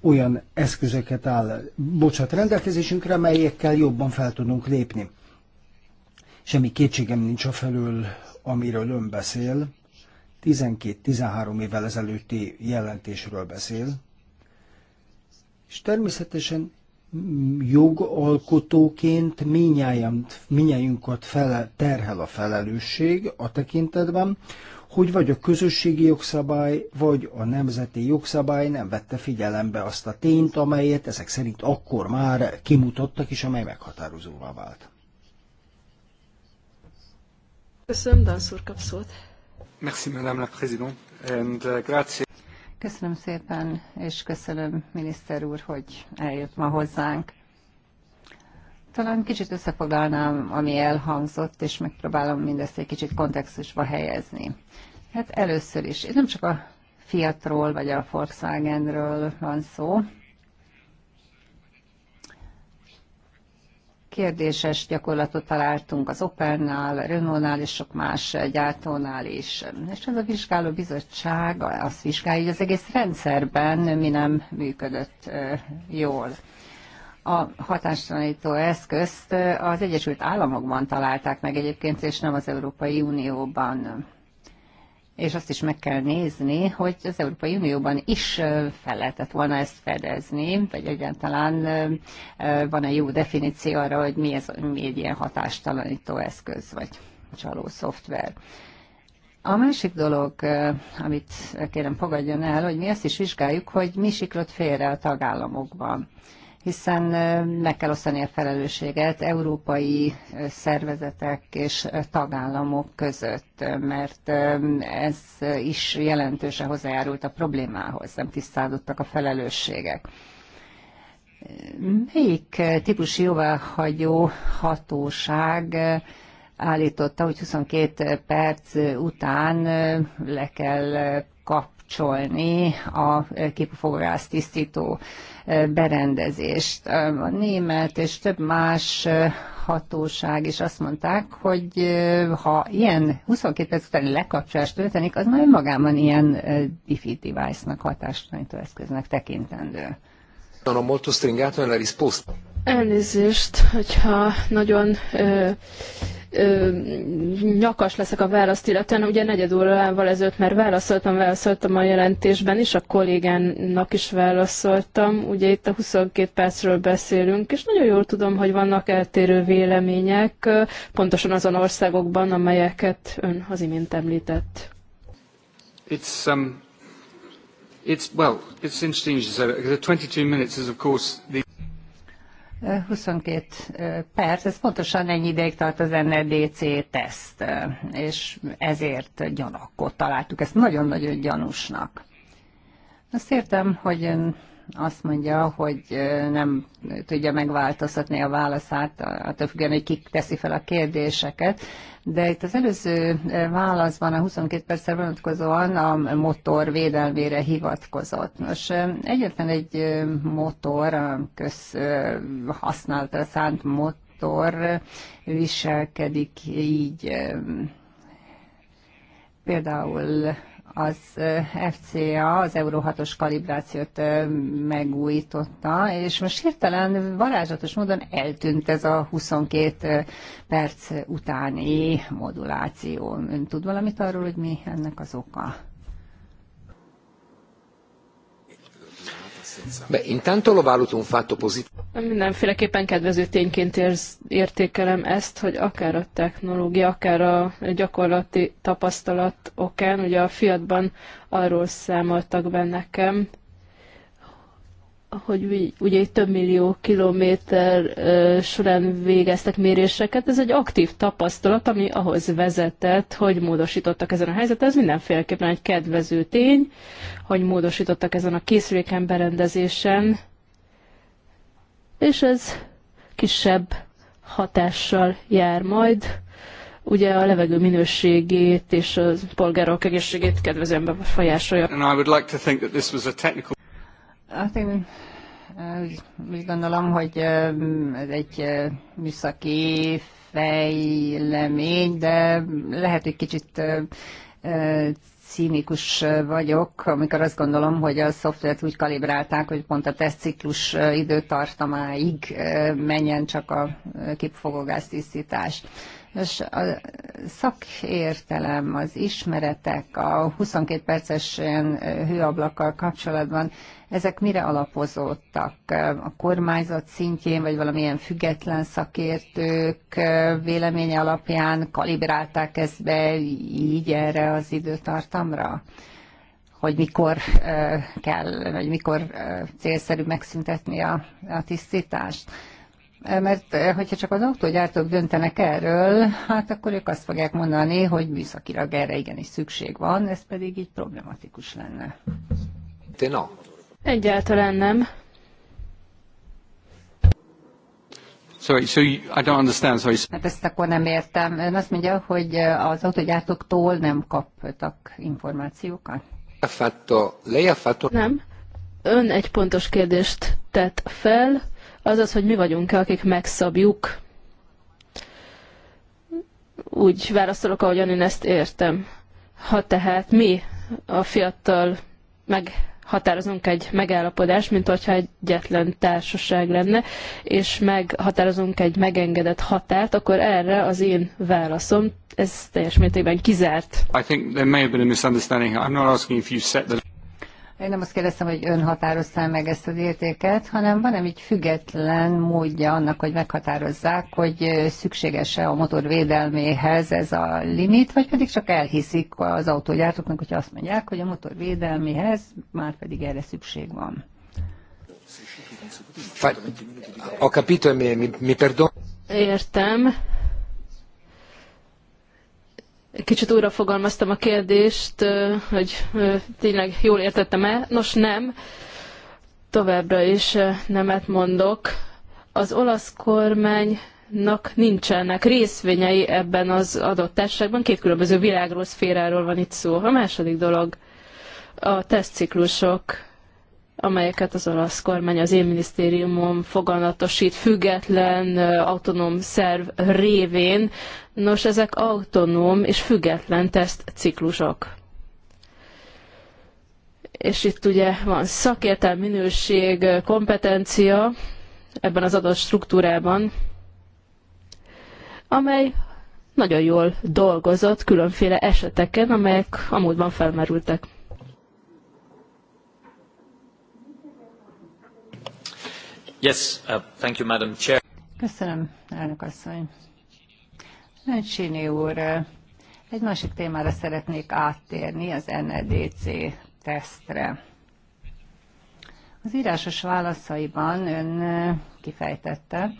olyan eszközöket áll, bocsát, rendelkezésünkre, melyekkel jobban fel tudunk lépni. Semmi kétségem nincs a felől, amiről ön beszél. 12-13 évvel ezelőtti jelentésről beszél. És természetesen jogalkotóként minnyájunkat fele, terhel a felelősség a tekintetben, hogy vagy a közösségi jogszabály, vagy a nemzeti jogszabály nem vette figyelembe azt a tényt, amelyet ezek szerint akkor már kimutattak, és amely meghatározóvá vált. Köszönöm, Danszúr kap szót. Merci, Madame la Présidente, and uh, grazie. Köszönöm szépen, és köszönöm miniszter úr, hogy eljött ma hozzánk. Talán kicsit összefoglalnám, ami elhangzott, és megpróbálom mindezt egy kicsit kontextusba helyezni. Hát először is, nem csak a Fiatról vagy a Volkswagenről van szó. Kérdéses gyakorlatot találtunk az Opernál, a Renault-nál és sok más gyártónál is. És ez a vizsgáló bizottság azt vizsgálja, hogy az egész rendszerben mi nem működött jól a hatástalanító eszközt az Egyesült Államokban találták meg egyébként, és nem az Európai Unióban. És azt is meg kell nézni, hogy az Európai Unióban is fel lehetett volna ezt fedezni, vagy egyáltalán van-e jó definíció arra, hogy mi, ez, mi egy ilyen hatástalanító eszköz, vagy csaló szoftver. A másik dolog, amit kérem fogadjon el, hogy mi azt is vizsgáljuk, hogy mi siklott félre a tagállamokban hiszen meg kell osztani a felelősséget európai szervezetek és tagállamok között, mert ez is jelentősen hozzájárult a problémához, nem tisztázottak a felelősségek. Melyik típusú jóváhagyó hatóság állította, hogy 22 perc után le kell kapcsolni a kipufogász tisztító berendezést. A német és több más hatóság is azt mondták, hogy ha ilyen 22 perc utáni lekapcsolást történik, az már önmagában ilyen diffi device-nak, hatástalanító eszköznek tekintendő. Sono molto stringato nella risposta. Elnézést, hogyha nagyon ö, ö, nyakas leszek a választ, illetően ugye negyed órával ezelőtt már válaszoltam, válaszoltam a jelentésben is, a kollégának is válaszoltam. Ugye itt a 22 percről beszélünk, és nagyon jól tudom, hogy vannak eltérő vélemények, pontosan azon országokban, amelyeket ön az imént említett. It's, um... It's, well, it's interesting you say because 22 minutes is of course the 22 perc, ez pontosan ennyi ideig tart az NLDC teszt, és ezért gyanakkor találtuk ezt nagyon-nagyon gyanúsnak. Azt értem, hogy ön azt mondja, hogy nem tudja megváltoztatni a válaszát, attól függően, hogy ki teszi fel a kérdéseket. De itt az előző válaszban a 22 perccel vonatkozóan a motor védelmére hivatkozott. Nos, egyetlen egy motor, a közhasználatra szánt motor viselkedik így például az FCA az Euró 6-os kalibrációt megújította, és most hirtelen varázslatos módon eltűnt ez a 22 perc utáni moduláció. Ön tud valamit arról, hogy mi ennek az oka? Beh, intanto lo valuto un fatto positivo. Mindenféleképpen kedvező tényként értékelem ezt, hogy akár a technológia, akár a gyakorlati tapasztalat okán, ugye a fiatban arról számoltak be nekem, hogy ugye itt több millió kilométer során végeztek méréseket. Ez egy aktív tapasztalat, ami ahhoz vezetett, hogy módosítottak ezen a helyzeten. Ez mindenféleképpen egy kedvező tény, hogy módosítottak ezen a készüléken berendezésen, és ez kisebb hatással jár majd. Ugye a levegő minőségét és a polgárok egészségét kedvezően befolyásolja. Hát én úgy, gondolom, hogy ez egy műszaki fejlemény, de lehet, hogy kicsit cínikus vagyok, amikor azt gondolom, hogy a szoftvert úgy kalibrálták, hogy pont a tesztciklus időtartamáig menjen csak a tisztítás És a szakértelem, az ismeretek a 22 perces hőablakkal kapcsolatban ezek mire alapozódtak? A kormányzat szintjén, vagy valamilyen független szakértők véleménye alapján kalibrálták ezt be így erre az időtartamra? hogy mikor kell, vagy mikor célszerű megszüntetni a, a tisztítást. Mert hogyha csak az autógyártók döntenek erről, hát akkor ők azt fogják mondani, hogy műszakilag erre igenis szükség van, ez pedig így problematikus lenne. De Egyáltalán nem. Sorry, so you, I don't understand, sorry. Hát ezt akkor nem értem. Ön azt mondja, hogy az autogyártóktól nem kaptak információkat? Nem. Ön egy pontos kérdést tett fel, azaz, hogy mi vagyunk-e, akik megszabjuk. Úgy válaszolok, ahogyan én ezt értem. Ha tehát mi a fiatal meg meghatározunk egy megállapodást, mint hogyha egyetlen társaság lenne, és meghatározunk egy megengedett határt, akkor erre az én válaszom, ez teljes mértékben kizárt. I think there may have been a misunderstanding. I'm not asking if you set the... Én nem azt kérdeztem, hogy ön határozta meg ezt az értéket, hanem van-e így független módja annak, hogy meghatározzák, hogy szükséges-e a motor védelméhez ez a limit, vagy pedig csak elhiszik az autógyártóknak, hogyha azt mondják, hogy a motor védelméhez már pedig erre szükség van. mi, mi perdon. Értem, Kicsit újra fogalmaztam a kérdést, hogy tényleg jól értettem-e. Nos, nem. Továbbra is nemet mondok. Az olasz kormánynak nincsenek részvényei ebben az adott társaságban. Két különböző világról, szféráról van itt szó. A második dolog a tesztciklusok amelyeket az olasz kormány az én minisztériumom foganatosít független, autonóm szerv révén. Nos, ezek autonóm és független tesztciklusok és itt ugye van szakértel, minőség, kompetencia ebben az adott struktúrában, amely nagyon jól dolgozott különféle eseteken, amelyek a múltban felmerültek. Uh, Köszönöm, elnök asszony. Öncsini úr, uh, egy másik témára szeretnék áttérni, az NEDC tesztre. Az írásos válaszaiban ön uh, kifejtette,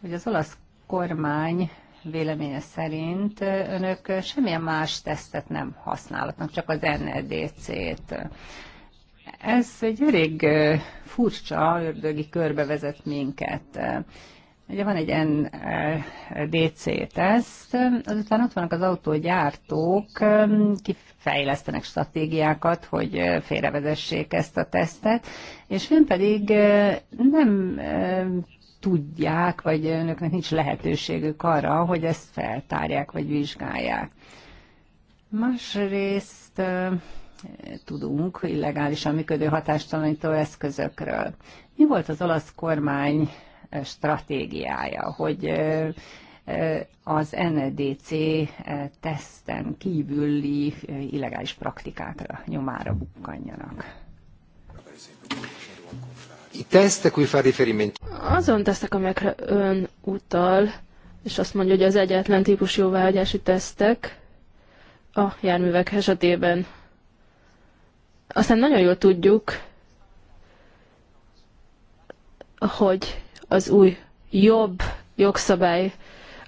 hogy az olasz kormány véleménye szerint önök semmilyen más tesztet nem használhatnak, csak az NEDC-t. Ez egy elég furcsa ördögi körbe vezet minket. Ugye van egy NDC-teszt, azután ott vannak az autógyártók, kifejlesztenek stratégiákat, hogy félrevezessék ezt a tesztet, és ön pedig nem tudják, vagy önöknek nincs lehetőségük arra, hogy ezt feltárják, vagy vizsgálják. Másrészt tudunk illegálisan működő hatástalanító eszközökről. Mi volt az olasz kormány eh, stratégiája, hogy eh, eh, az NDC teszten kívüli illegális praktikákra nyomára bukkanjanak? Azon tesztek, amelyekre ön utal, és azt mondja, hogy az egyetlen típus jóváhagyási tesztek a járművek esetében aztán nagyon jól tudjuk, hogy az új jobb jogszabály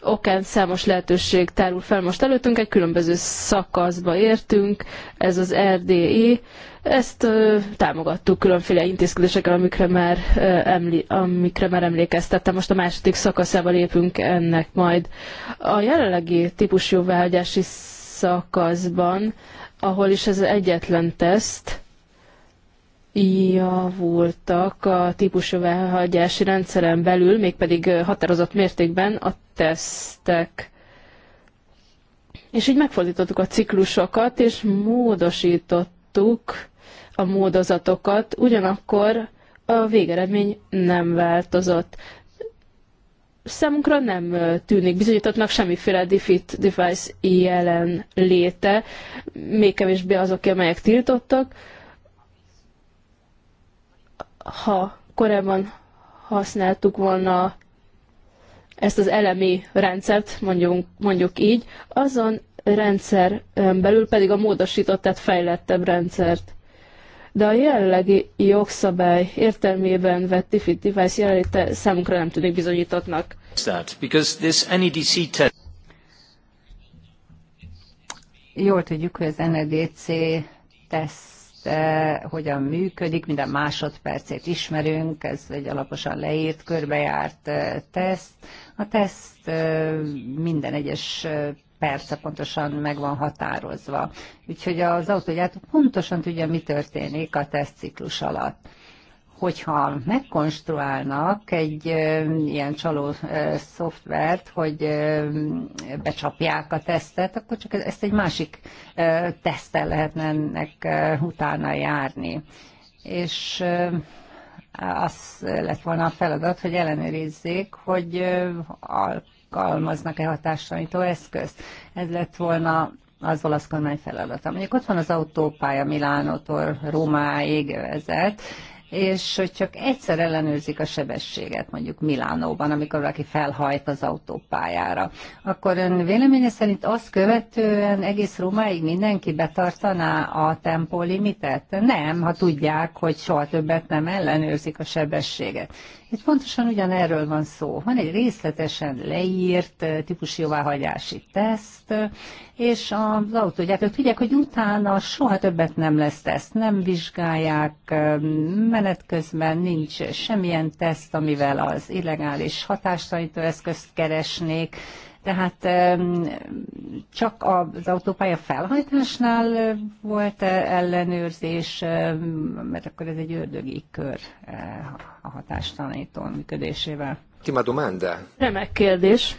okán számos lehetőség tárul fel most előttünk, egy különböző szakaszba értünk, ez az RDE, ezt ö, támogattuk különféle intézkedésekkel, amikre már, ö, emli, amikre már emlékeztettem, most a második szakaszába lépünk ennek majd. A jelenlegi típusú jóváhagyási szakaszban ahol is ez egyetlen teszt, javultak a elhagyási rendszeren belül, mégpedig határozott mértékben a tesztek. És így megfordítottuk a ciklusokat, és módosítottuk a módozatokat, ugyanakkor a végeredmény nem változott számunkra nem tűnik bizonyítottnak semmiféle defeat device jelen léte, még kevésbé azok, amelyek tiltottak. Ha korábban használtuk volna ezt az elemi rendszert, mondjuk, mondjuk így, azon rendszer belül pedig a módosított, tehát fejlettebb rendszert de a jelenlegi jogszabály értelmében vett Diffit device jelenléte számunkra nem tűnik bizonyítottnak. E Jól tudjuk, hogy az NEDC teszt eh, hogyan működik, minden másodpercét ismerünk, ez egy alaposan leírt, körbejárt eh, teszt. A teszt eh, minden egyes persze pontosan meg van határozva. Úgyhogy az autógyártó pontosan tudja, mi történik a tesztciklus alatt hogyha megkonstruálnak egy ilyen csaló szoftvert, hogy becsapják a tesztet, akkor csak ezt egy másik tesztel lehetne ennek utána járni. És az lett volna a feladat, hogy ellenőrizzék, hogy alkalmaznak-e hatástalanító eszközt. Ez lett volna az olasz kormány feladata. Mondjuk ott van az autópálya Milánótól Rómáig vezet, és hogy csak egyszer ellenőrzik a sebességet, mondjuk Milánóban, amikor valaki felhajt az autópályára, akkor ön véleménye szerint azt követően egész Rómáig mindenki betartaná a tempólimitet? Nem, ha tudják, hogy soha többet nem ellenőrzik a sebességet. Itt pontosan ugyanerről van szó. Van egy részletesen leírt eh, típusi jóváhagyási teszt, és az autógyártók tudják, hogy utána soha többet nem lesz teszt, nem vizsgálják, eh, menet közben nincs semmilyen teszt, amivel az illegális hatástalanító eszközt keresnék, tehát csak az autópálya felhajtásnál volt ellenőrzés, mert akkor ez egy ördögi kör a hatástalanító működésével. Tima domanda. Remek kérdés.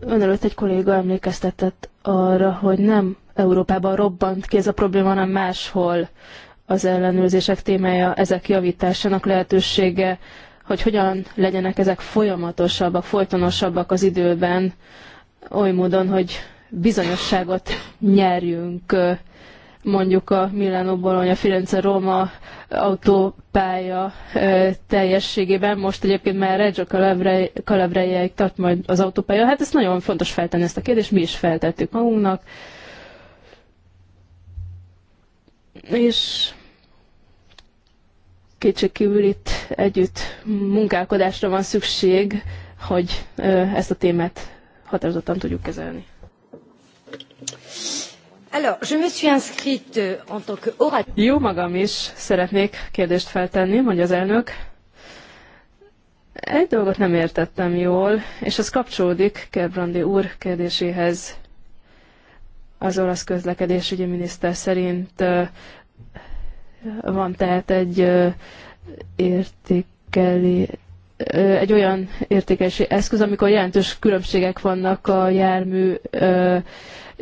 Ön előtt egy kolléga emlékeztetett arra, hogy nem Európában robbant ki ez a probléma, hanem máshol az ellenőrzések témája, ezek javításának lehetősége, hogy hogyan legyenek ezek folyamatosabbak, folytonosabbak az időben, oly módon, hogy bizonyosságot nyerjünk mondjuk a Milano Bologna Firenze Róma autópálya teljességében. Most egyébként már Reggio Calabrejáig tart majd az autópálya. Hát ez nagyon fontos feltenni ezt a kérdést, mi is feltettük magunknak. és kívül itt együtt munkálkodásra van szükség, hogy ezt a témát határozottan tudjuk kezelni. Alors, je me suis inscrite euh, en tant que Jó magam is szeretnék kérdést feltenni, mondja az elnök. Egy dolgot nem értettem jól, és ez kapcsolódik Kerbrandi úr kérdéséhez. Az olasz közlekedésügyi miniszter szerint van tehát egy értékeli, egy olyan értékelési eszköz, amikor jelentős különbségek vannak a jármű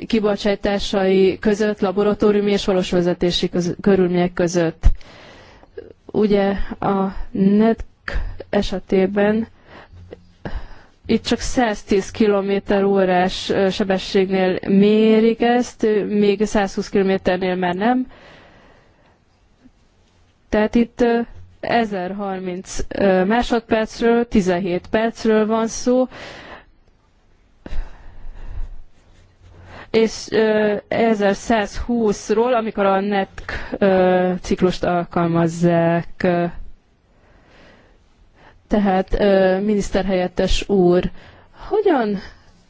kibocsátásai között, laboratóriumi és valós vezetési körülmények között. Ugye a NETK esetében itt csak 110 km órás sebességnél mérik ezt, még 120 km-nél már nem. Tehát itt 1030 másodpercről, 17 percről van szó, és 1120-ról, amikor a net ciklust alkalmazzák. Tehát miniszterhelyettes úr, hogyan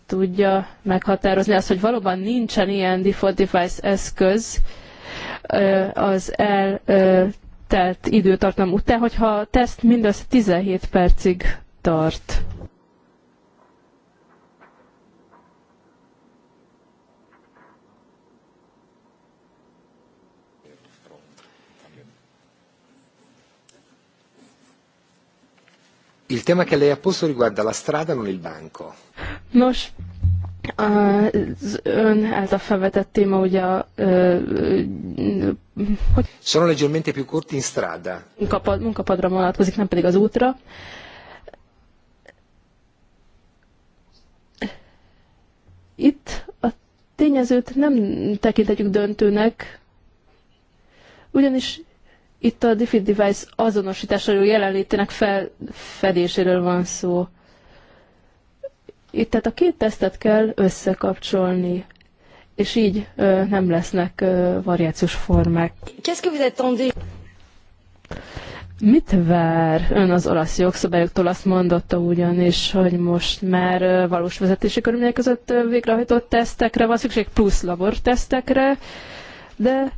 tudja meghatározni azt, hogy valóban nincsen ilyen default device eszköz az el telt időtartam után, hogyha a teszt mindössze 17 percig tart. Il tema che lei ha posto riguarda la strada, non il banco. Nos, az ön a felvetett téma ugye a... Hogy Sono leggermente più corti in strada. Munkapad, munkapadra vonatkozik, nem pedig az útra. Itt a tényezőt nem tekinthetjük döntőnek, ugyanis itt a Diffit Device azonosításáról jelenlétének felfedéséről van szó. Itt tehát a két tesztet kell összekapcsolni, és így ö, nem lesznek ö, variációs formák. Mit vár ön az olasz jogszabályoktól? Azt mondotta ugyanis, hogy most már valós vezetési körülmények között végrehajtott tesztekre van szükség, plusz labortesztekre, de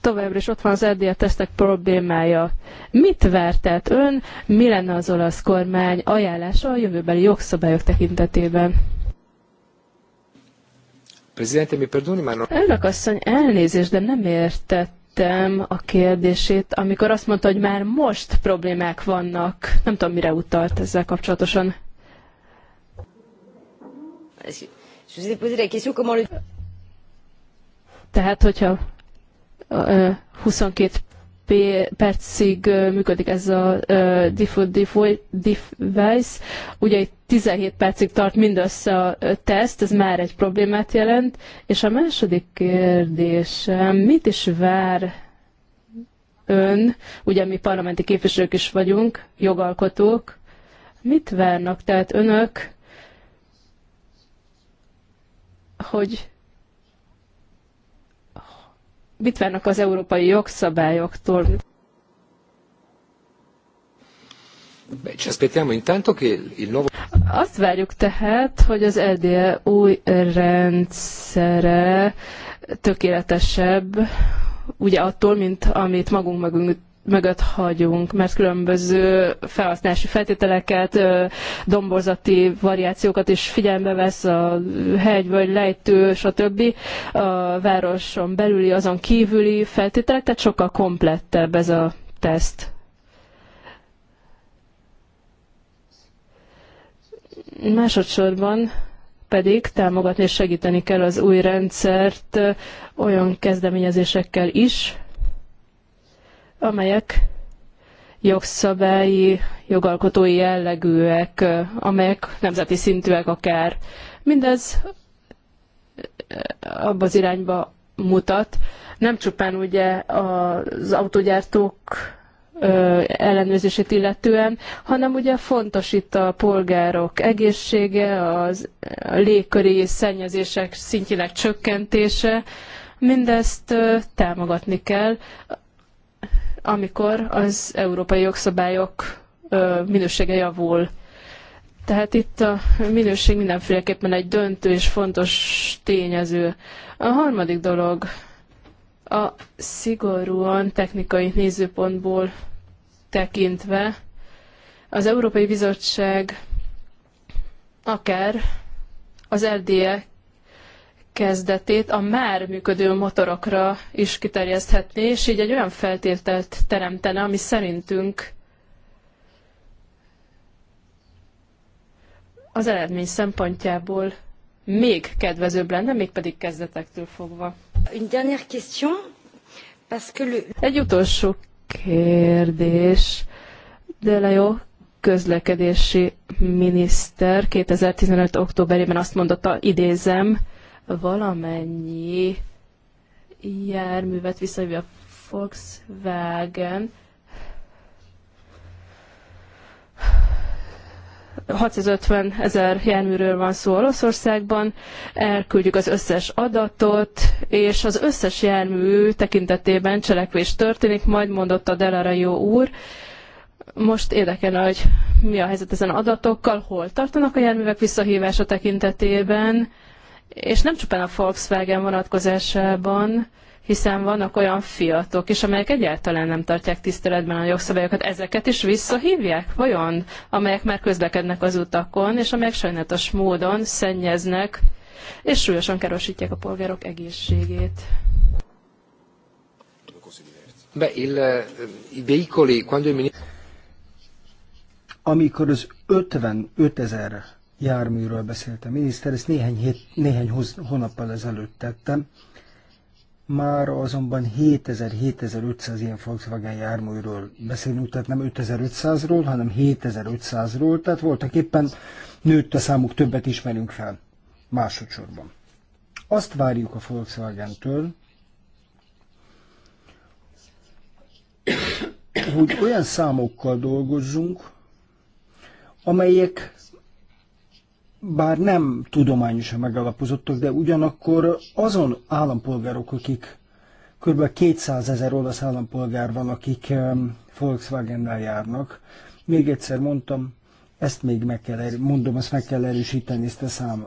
továbbra is ott van az erdélyi tesztek problémája. Mit vertett ön, mi lenne az olasz kormány ajánlása a jövőbeli jogszabályok tekintetében? Presidente, mi perdoni, ma Elnök asszony, elnézést, de nem értettem a kérdését, amikor azt mondta, hogy már most problémák vannak. Nem tudom, mire utalt ezzel kapcsolatosan. Ah, Tehát, hogyha 22 percig működik ez a uh, device. Ugye itt 17 percig tart mindössze a teszt, ez már egy problémát jelent. És a második kérdés, mit is vár ön, ugye mi parlamenti képviselők is vagyunk, jogalkotók, mit várnak tehát önök, hogy mit várnak az európai jogszabályoktól? Azt várjuk tehát, hogy az EDL e új rendszere tökéletesebb, ugye attól, mint amit magunk mögött mögött hagyunk, mert különböző felhasználási feltételeket, domborzati variációkat is figyelembe vesz a hegy vagy lejtő, stb. A városon belüli, azon kívüli feltételek, tehát sokkal komplettebb ez a teszt. Másodszorban pedig támogatni és segíteni kell az új rendszert olyan kezdeményezésekkel is, amelyek jogszabályi, jogalkotói jellegűek, amelyek nemzeti szintűek akár. Mindez eh, abba az irányba mutat. Nem csupán ugye az autógyártók eh, ellenőrzését illetően, hanem ugye fontos itt a polgárok egészsége, az légköri szennyezések szintjének csökkentése, mindezt eh, támogatni kell amikor az európai jogszabályok minősége javul. Tehát itt a minőség mindenféleképpen egy döntő és fontos tényező. A harmadik dolog a szigorúan technikai nézőpontból tekintve az Európai Bizottság akár az RDE kezdetét a már működő motorokra is kiterjeszthetné, és így egy olyan feltételt teremtene, ami szerintünk az eredmény szempontjából még kedvezőbb lenne, mégpedig kezdetektől fogva. Egy utolsó kérdés. De jó közlekedési miniszter 2015. októberében azt mondotta, idézem, valamennyi járművet visszahívja a Volkswagen, 650 ezer járműről van szó Olaszországban, elküldjük az összes adatot, és az összes jármű tekintetében cselekvés történik, majd mondott a jó úr. Most érdekel, hogy mi a helyzet ezen adatokkal, hol tartanak a járművek visszahívása tekintetében, és nem csupán a Volkswagen vonatkozásában, hiszen vannak olyan fiatok is, amelyek egyáltalán nem tartják tiszteletben a jogszabályokat, ezeket is visszahívják, vajon, amelyek már közlekednek az utakon, és amelyek sajnálatos módon szennyeznek, és súlyosan károsítják a polgárok egészségét. Be, il, eh, i quando Amikor az 55 ezer járműről a Miniszter, ezt néhány, hét, néhány hónappal ezelőtt tettem. Már azonban 7000-7500 ilyen Volkswagen járműről beszélünk, tehát nem 5500-ról, hanem 7500-ról, tehát voltak éppen nőtt a számuk, többet ismerünk fel másodszorban. Azt várjuk a Volkswagen-től, hogy olyan számokkal dolgozzunk, amelyek bár nem tudományosan megalapozottak, de ugyanakkor azon állampolgárok, akik kb. 200 ezer olasz állampolgár van, akik Volkswagen-nel járnak. Még egyszer mondtam, ezt még meg kell, erő, mondom, ezt meg kell erősíteni, ezt a szám,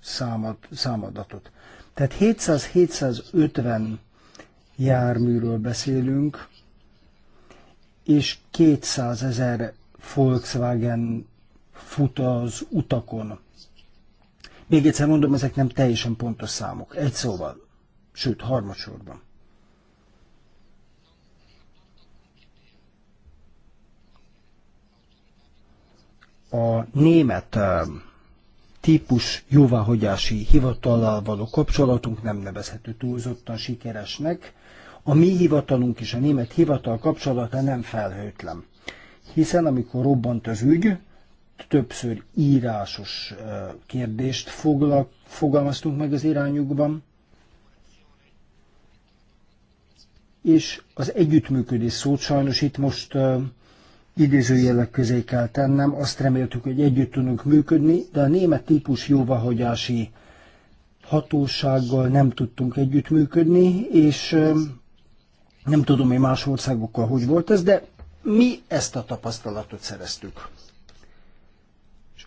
számad, számadatot. Tehát 700-750 járműről beszélünk, és 200 ezer Volkswagen fut az utakon. Még egyszer mondom, ezek nem teljesen pontos számok. Egy szóval, sőt, harmadsorban. A német típus jóváhagyási hivatallal való kapcsolatunk nem nevezhető túlzottan sikeresnek. A mi hivatalunk és a német hivatal kapcsolata nem felhőtlen. Hiszen amikor robbant az ügy, többször írásos kérdést foglak, fogalmaztunk meg az irányukban, és az együttműködés szót sajnos itt most uh, idézőjelek közé kell tennem, azt reméltük, hogy együtt tudunk működni, de a német típus jóvahagyási hatósággal nem tudtunk együttműködni, és uh, nem tudom, hogy más országokkal hogy volt ez, de mi ezt a tapasztalatot szereztük.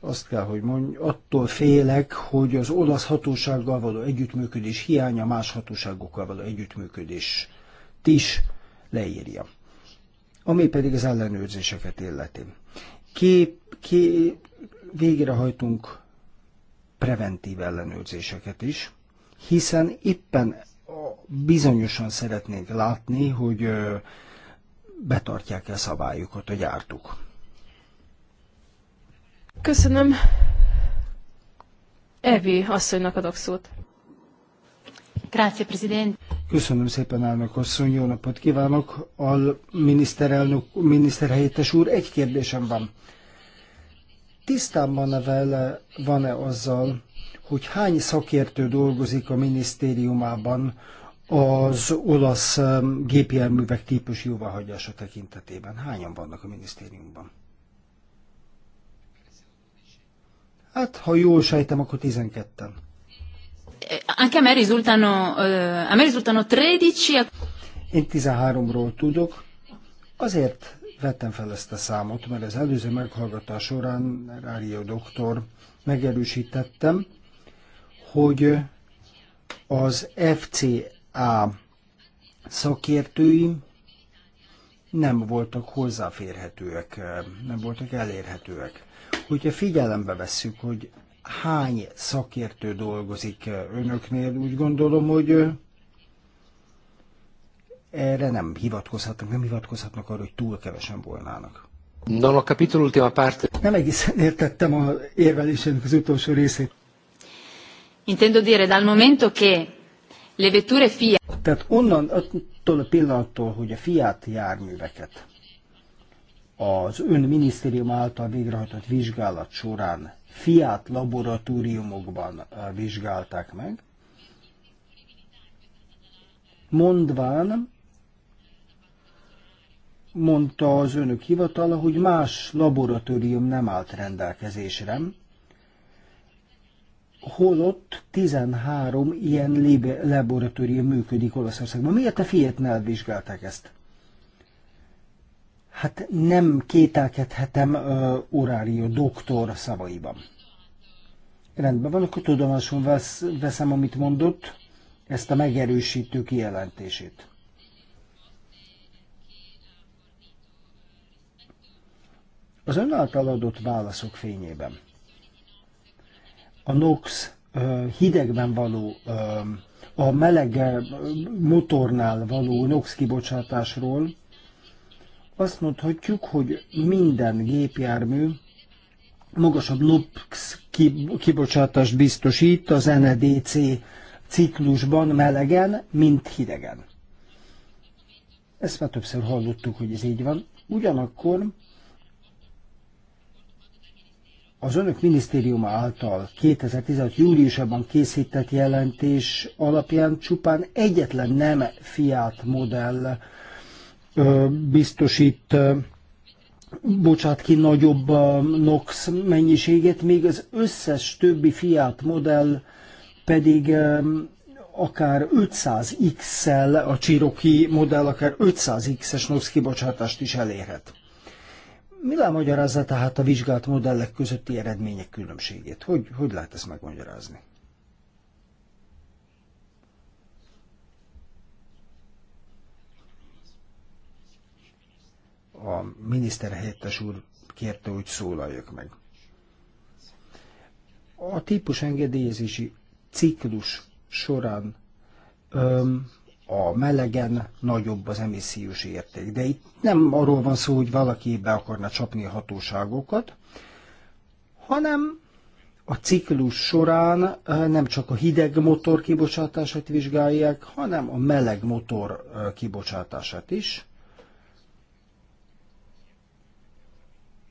Azt kell, hogy mondj, attól félek, hogy az olasz hatósággal való együttműködés hiánya más hatóságokkal való együttműködés is leírja. Ami pedig az ellenőrzéseket illeti. Ki, ki végrehajtunk preventív ellenőrzéseket is, hiszen éppen bizonyosan szeretnénk látni, hogy betartják-e szabályokat a gyártók. Köszönöm. Evi asszonynak adok szót. Grazie, Presidente. Köszönöm szépen, elnök asszony, jó napot kívánok. a miniszterelnök, miniszterhelyettes úr, egy kérdésem van. Tisztában van-e vele, van-e azzal, hogy hány szakértő dolgozik a minisztériumában az olasz um, gépjárművek típus jóváhagyása tekintetében? Hányan vannak a minisztériumban? Hát, ha jól sejtem, akkor 12-en. Anche a me risultano, eh, a me risultano 13. Én 13-ról tudok, azért vettem fel ezt a számot, mert az előző meghallgatás során rádió doktor megerősítettem, hogy az FCA szakértői nem voltak hozzáférhetőek, eh, nem voltak elérhetőek. Hogyha figyelembe vesszük, hogy hány szakértő dolgozik eh, önöknél, úgy gondolom, hogy eh, erre nem hivatkozhatnak, nem hivatkozhatnak arra, hogy túl kevesen volnának. Non ho capito l'ultima parte. Nem egészen értettem a érvelésének az utolsó részét. Intendo dire dal momento che le vetture Fiat. Tehát onnan, attól a pillanattól, hogy a Fiat járműveket az ön minisztérium által végrehajtott vizsgálat során fiát laboratóriumokban eh, vizsgálták meg, mondván, mondta az önök hivatala, hogy más laboratórium nem állt rendelkezésre, holott 13 ilyen laboratórium működik Olaszországban. Miért a fiatnál vizsgálták ezt? hát nem kételkedhetem uh, Orário doktor szavaiban. Rendben van, akkor tudomásul vesz, veszem, amit mondott, ezt a megerősítő kijelentését. Az ön által adott válaszok fényében a NOx uh, hidegben való, uh, a meleg motornál való NOx kibocsátásról azt mondhatjuk, hogy minden gépjármű magasabb NOx kibocsátást biztosít az NEDC ciklusban melegen, mint hidegen. Ezt már többször hallottuk, hogy ez így van. Ugyanakkor az önök minisztériuma által 2016. júliusában készített jelentés alapján csupán egyetlen nem Fiat modell biztosít, bocsát ki nagyobb a NOx mennyiséget, még az összes többi Fiat modell pedig akár 500x-szel, a Csiroki modell akár 500x-es NOx kibocsátást is elérhet. Milyen magyarázza tehát a vizsgált modellek közötti eredmények különbségét? Hogy, hogy lehet ezt megmagyarázni? a miniszterhelyettes úr kérte, hogy szólaljak meg. A típus engedélyezési ciklus során öm, a melegen nagyobb az emissziós érték. De itt nem arról van szó, hogy valaki be akarna csapni a hatóságokat, hanem a ciklus során nem csak a hideg motor kibocsátását vizsgálják, hanem a meleg motor kibocsátását is.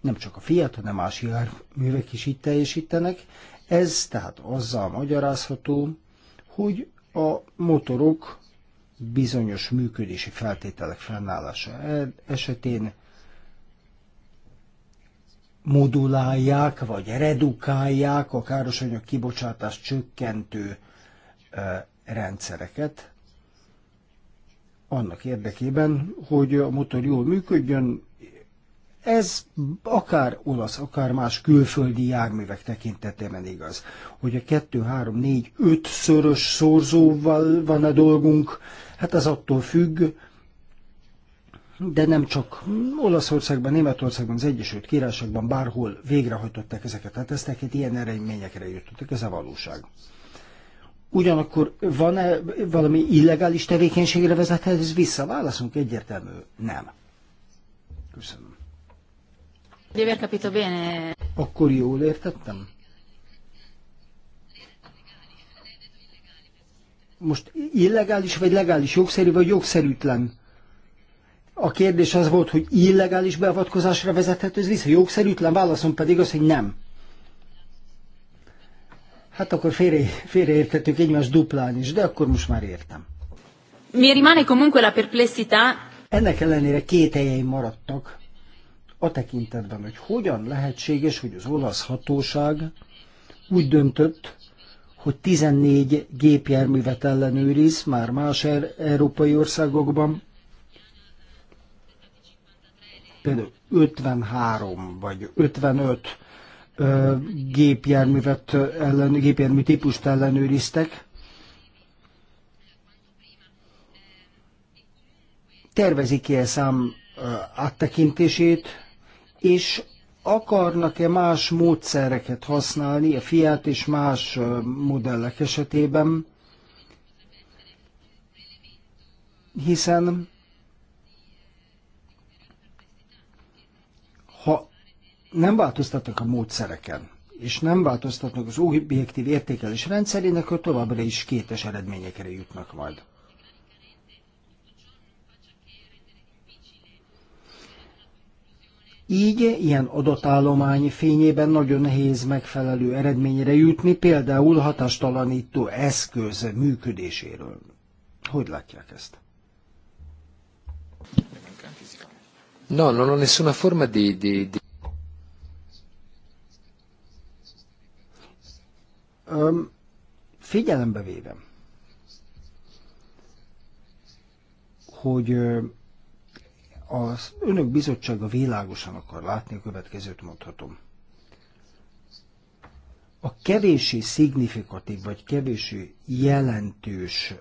nem csak a Fiat, hanem más járművek is itt teljesítenek. Ez tehát azzal magyarázható, hogy a motorok bizonyos működési feltételek fennállása e- esetén modulálják, vagy redukálják a károsanyag kibocsátás csökkentő e, rendszereket, annak érdekében, hogy a motor jól működjön, ez akár olasz, akár más külföldi járművek tekintetében igaz. Hogy a 2, 3, 4, 5 szörös szorzóval van a dolgunk, hát ez attól függ, de nem csak Olaszországban, Németországban, az Egyesült Királyságban, bárhol végrehajtották ezeket a teszteket, ilyen eredményekre jutottak, ez a valóság. Ugyanakkor van-e valami illegális tevékenységre vezethet ez vissza? Válaszunk egyértelmű, nem. Köszönöm. Di aver capito bene. Akkor jól értettem? Most illegális vagy legális, jogszerű vagy jogszerűtlen? A kérdés az volt, hogy illegális beavatkozásra vezethető ez vissza, jogszerűtlen válaszom pedig az, hogy nem. Hát akkor félre, félreértettük egymást duplán is, de akkor most már értem. Mi rimane comunque la perplessità. Ennek ellenére két helyeim maradtak a tekintetben, hogy hogyan lehetséges, hogy az olasz hatóság úgy döntött, hogy 14 gépjárművet ellenőriz már más er- európai országokban, például 53 vagy 55 ö, gépjárművet ellen, gépjármű típust ellenőriztek. Tervezik ilyen szám áttekintését, és akarnak-e más módszereket használni a Fiat és más modellek esetében, hiszen ha nem változtatnak a módszereken, és nem változtatnak az objektív értékelés rendszerének, akkor továbbra is kétes eredményekre jutnak majd. Így ilyen adatállomány fényében nagyon nehéz megfelelő eredményre jutni, például hatástalanító eszköz működéséről. Hogy látják ezt? No, non ho nessuna forma di, di, di... Öm, figyelembe véve, hogy az önök bizottsága világosan akar látni, a következőt mondhatom. A kevési szignifikatív vagy kevési jelentős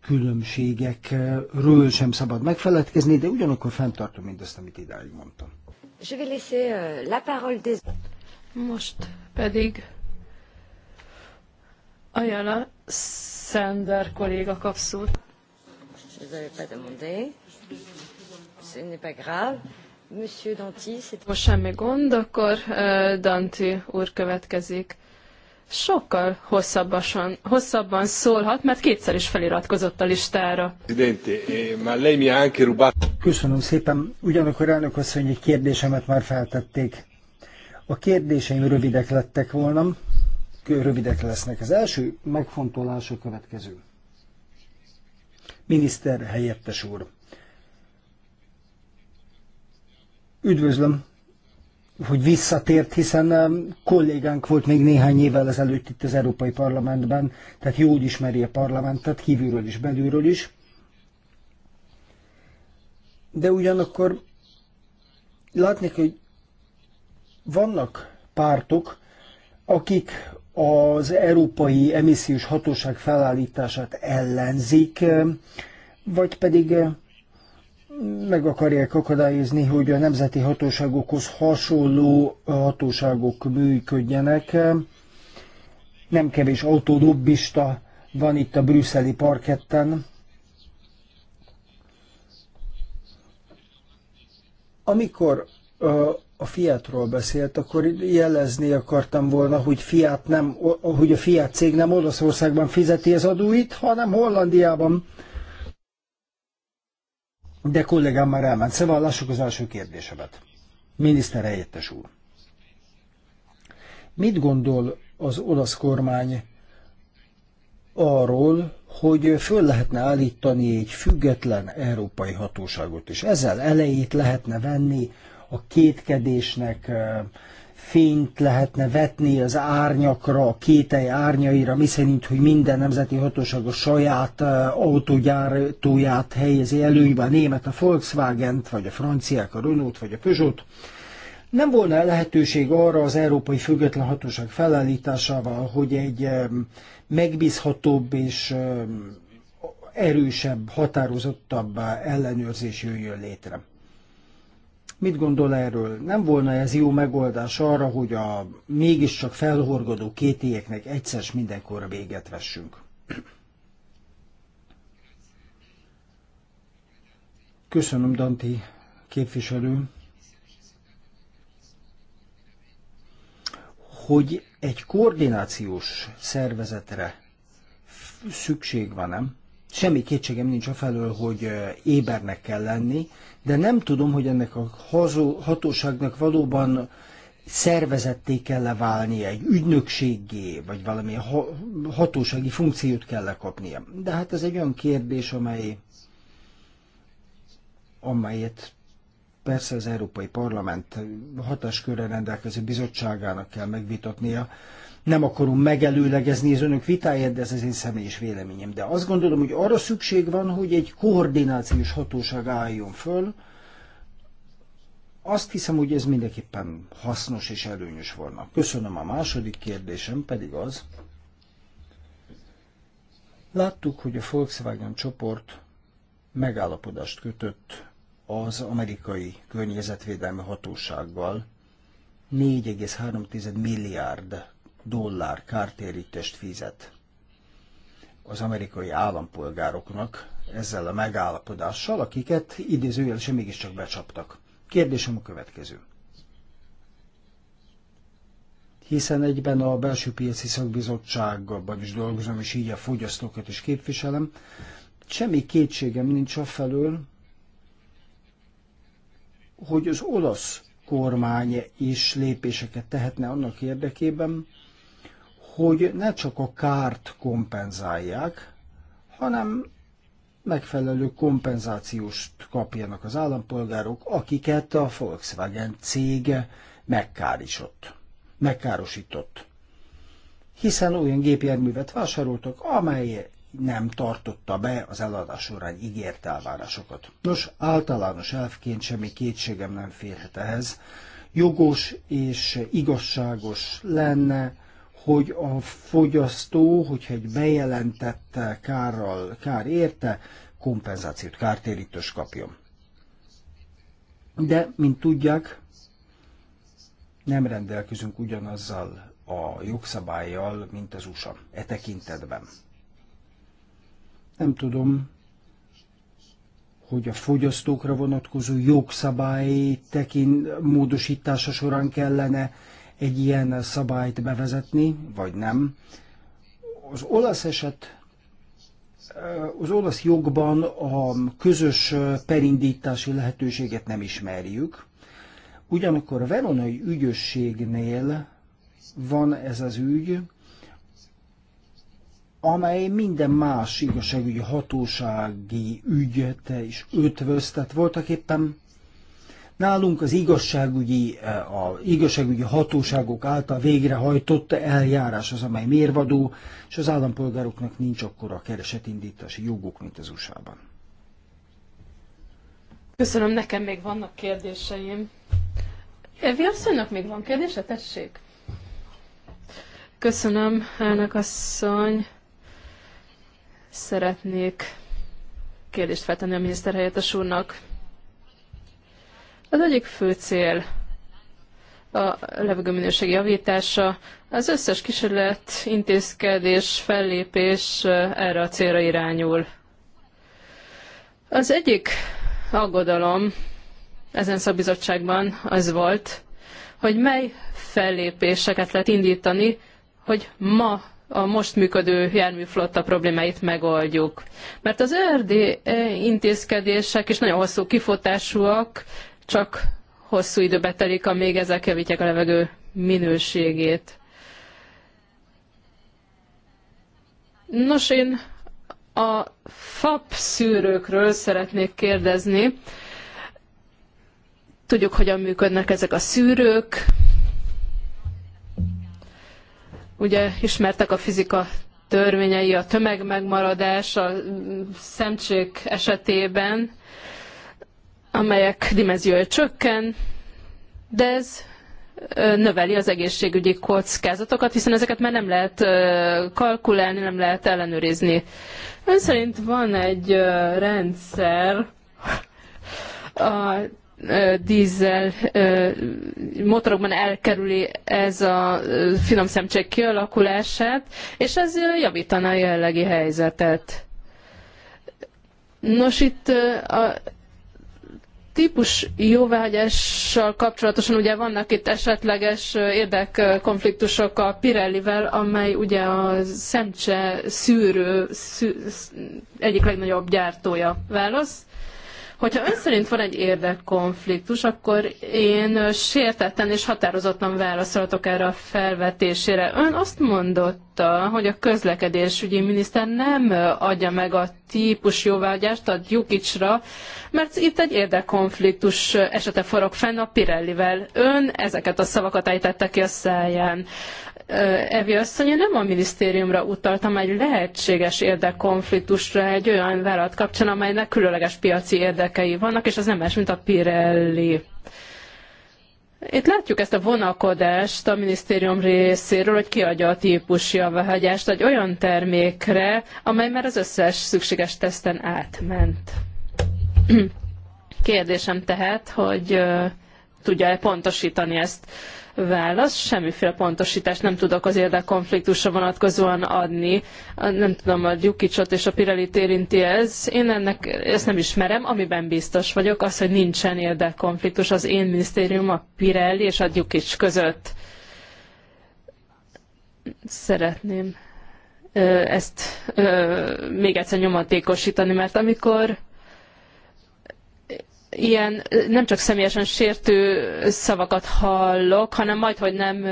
különbségekről sem szabad megfeledkezni, de ugyanakkor fenntartom mindazt, amit idáig mondtam. Euh, Most pedig Ajala Sender kolléga kap most semmi gond, akkor uh, Danti úr következik. Sokkal hosszabbasan, hosszabban szólhat, mert kétszer is feliratkozott a listára. Eh, Köszönöm szépen. Ugyanakkor elnök asszony egy kérdésemet már feltették. A kérdéseim rövidek lettek volna, rövidek lesznek. Az első megfontolás a következő. Miniszter helyettes úr, Üdvözlöm, hogy visszatért, hiszen um, kollégánk volt még néhány évvel ezelőtt itt az Európai Parlamentben, tehát jól ismeri a parlamentet, kívülről is, belülről is. De ugyanakkor látni, hogy vannak pártok, akik az Európai Emissziós Hatóság felállítását ellenzik, um, vagy pedig um, meg akarják akadályozni, hogy a nemzeti hatóságokhoz hasonló hatóságok működjenek. Nem kevés autódobbista van itt a brüsszeli parketten. Amikor a Fiatról beszélt, akkor jelezni akartam volna, hogy, Fiat nem, hogy a Fiat cég nem Olaszországban fizeti az adóit, hanem Hollandiában de kollégám már elment. Szóval lássuk az első kérdésemet. Miniszter helyettes úr. Mit gondol az olasz kormány arról, hogy föl lehetne állítani egy független európai hatóságot, és ezzel elejét lehetne venni a kétkedésnek, fényt lehetne vetni az árnyakra, a kételj árnyaira, miszerint, hogy minden nemzeti hatóság a saját autógyártóját helyezi előnybe, a német a volkswagen vagy a franciák a Renault, vagy a Peugeot. Nem volna lehetőség arra az Európai Független Hatóság felállításával, hogy egy megbízhatóbb és erősebb, határozottabb ellenőrzés jöjjön létre. Mit gondol erről? Nem volna ez jó megoldás arra, hogy a mégiscsak felhorgadó kétélyeknek egyszer mindenkorra véget vessünk? Köszönöm, Danti képviselő, hogy egy koordinációs szervezetre szükség van, nem? Semmi kétségem nincs a felől, hogy ébernek kell lenni, de nem tudom, hogy ennek a hatóságnak valóban szervezetté kell -e válnia, egy ügynökségé, vagy valami hatósági funkciót kell kapnia, De hát ez egy olyan kérdés, amely, amelyet persze az Európai Parlament hatáskörre rendelkező bizottságának kell megvitatnia, nem akarom megelőlegezni az önök vitáját, de ez az én személyes véleményem. De azt gondolom, hogy arra szükség van, hogy egy koordinációs hatóság álljon föl. Azt hiszem, hogy ez mindenképpen hasznos és előnyös volna. Köszönöm a második kérdésem, pedig az. Láttuk, hogy a Volkswagen csoport megállapodást kötött az amerikai környezetvédelmi hatósággal 4,3 milliárd dollár kártérítést fizet az amerikai állampolgároknak ezzel a megállapodással, akiket idézőjelesen mégiscsak becsaptak. Kérdésem a következő. Hiszen egyben a belső piaci szakbizottságban is dolgozom, és így a fogyasztókat is képviselem. Semmi kétségem nincs felől, hogy az olasz kormány is lépéseket tehetne annak érdekében, hogy ne csak a kárt kompenzálják, hanem megfelelő kompenzációst kapjanak az állampolgárok, akiket a Volkswagen cég megkárisott, megkárosított. Hiszen olyan gépjárművet vásároltak, amely nem tartotta be az eladás során ígért elvárásokat. Nos, általános elfként semmi kétségem nem férhet ehhez. Jogos és igazságos lenne, hogy a fogyasztó, hogyha egy bejelentette kárral, kár érte, kompenzációt, kártérítős kapjon. De, mint tudják, nem rendelkezünk ugyanazzal a jogszabályjal, mint az USA e tekintetben. Nem tudom, hogy a fogyasztókra vonatkozó jogszabály tekint módosítása során kellene egy ilyen szabályt bevezetni, vagy nem. Az olasz eset az olasz jogban a közös perindítási lehetőséget nem ismerjük. Ugyanakkor a veronai ügyösségnél van ez az ügy, amely minden más igazságügyi hatósági ügyet is ötvöztet voltak éppen Nálunk az igazságügyi, eh, a igazságügyi hatóságok által végrehajtott eljárás az, amely mérvadó, és az állampolgároknak nincs akkora keresetindítási joguk, mint az USA-ban. Köszönöm, nekem még vannak kérdéseim. Evi eh, asszonynak még van kérdése? Tessék! Köszönöm, elnök asszony. Szeretnék kérdést feltenni a miniszterhelyettes úrnak. Az egyik fő cél a levegőminőség javítása, az összes kísérlet, intézkedés, fellépés erre a célra irányul. Az egyik aggodalom ezen szabizottságban az volt, hogy mely fellépéseket lehet indítani, hogy ma a most működő járműflotta problémáit megoldjuk. Mert az RD e intézkedések is nagyon hosszú kifotásúak, csak hosszú időbe telik, amíg ezek javítják a levegő minőségét. Nos, én a FAP szűrőkről szeretnék kérdezni. Tudjuk, hogyan működnek ezek a szűrők. Ugye ismertek a fizika törvényei, a tömegmegmaradás a szemcsék esetében amelyek dimenziója csökken, de ez növeli az egészségügyi kockázatokat, hiszen ezeket már nem lehet kalkulálni, nem lehet ellenőrizni. Ön szerint van egy rendszer a dízel motorokban elkerüli ez a finom szemcsék kialakulását, és ez javítaná a jellegi helyzetet. Nos, itt a típus jóváhagyással kapcsolatosan ugye vannak itt esetleges érdekkonfliktusok a Pirellivel, amely ugye a szemcse szűrő szű, egyik legnagyobb gyártója. Válasz? Hogyha ön szerint van egy érdekkonfliktus, akkor én sértetten és határozottan válaszoltok erre a felvetésére. Ön azt mondotta, hogy a közlekedésügyi miniszter nem adja meg a típus jóvágyást a Jukicsra, mert itt egy érdekkonfliktus esete forog fenn a Pirellivel. Ön ezeket a szavakat ejtette ki a száján. Evi asszony, én nem a minisztériumra utaltam egy lehetséges érdekkonfliktusra egy olyan vállalat kapcsán, amelynek különleges piaci érdekei vannak, és az nem más, mint a Pirelli. Itt látjuk ezt a vonakodást a minisztérium részéről, hogy kiadja a típus javahagyást egy olyan termékre, amely már az összes szükséges teszten átment. Kérdésem tehát, hogy uh, tudja-e pontosítani ezt. Uh, Válasz, semmiféle pontosítást nem tudok az érdekkonfliktusra vonatkozóan adni. Nem tudom, a Gyukicsot és a Pirelit érinti ez. Én ennek, ezt nem ismerem, amiben biztos vagyok, az, hogy nincsen érdekkonfliktus az én minisztérium, a Pirelli és a Gyukics között. Szeretném ezt még egyszer nyomatékosítani, mert amikor ilyen nem csak személyesen sértő szavakat hallok, hanem majd, hogy nem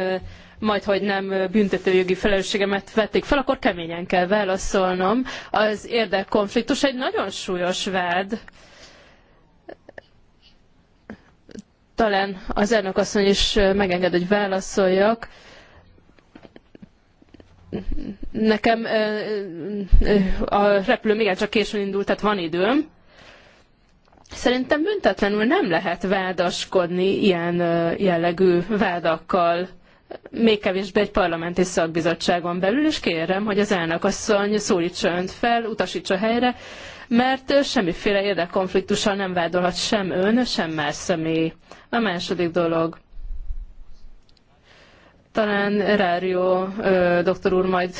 majd, hogy nem büntetőjogi felelősségemet vették fel, akkor keményen kell válaszolnom. Az érdekkonfliktus egy nagyon súlyos vád. Talán az elnök asszony is megenged, hogy válaszoljak nekem a repülő csak későn indult, tehát van időm. Szerintem büntetlenül nem lehet vádaskodni ilyen jellegű vádakkal, még kevésbé egy parlamenti szakbizottságon belül, és kérem, hogy az asszony szólítsa önt fel, utasítsa helyre, mert semmiféle érdekkonfliktussal nem vádolhat sem ön, sem más személy. A második dolog. Talán Rárió doktor úr majd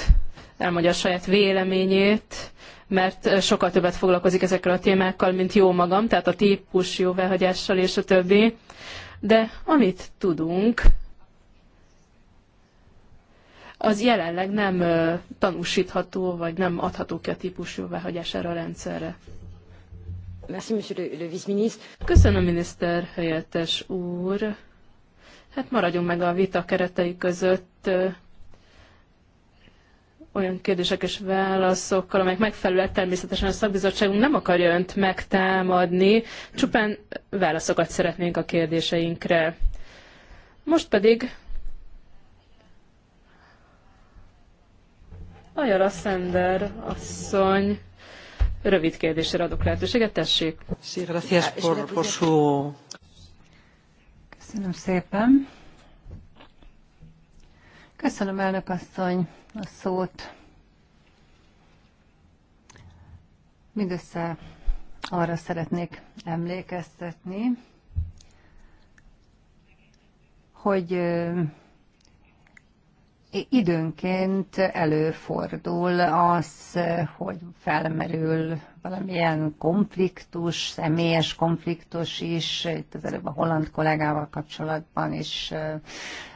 elmondja a saját véleményét mert eh, sokkal többet foglalkozik ezekkel a témákkal, mint jó magam, tehát a típus jóváhagyással és a többi. De amit tudunk, az jelenleg nem eh, tanúsítható, vagy nem adható ki a típus jóváhagyására a rendszerre. Köszönöm, miniszter helyettes úr. Hát maradjunk meg a vita keretei között olyan kérdések és válaszokkal, amelyek megfelelőek természetesen a szakbizottságunk nem akarja önt megtámadni, csupán válaszokat szeretnénk a kérdéseinkre. Most pedig Ajala Szender asszony rövid kérdésre adok lehetőséget, tessék. Köszönöm szépen. Köszönöm, elnök asszony, a szót. Mindössze arra szeretnék emlékeztetni, hogy időnként előfordul az, hogy felmerül valamilyen konfliktus, személyes konfliktus is, itt az előbb a holland kollégával kapcsolatban is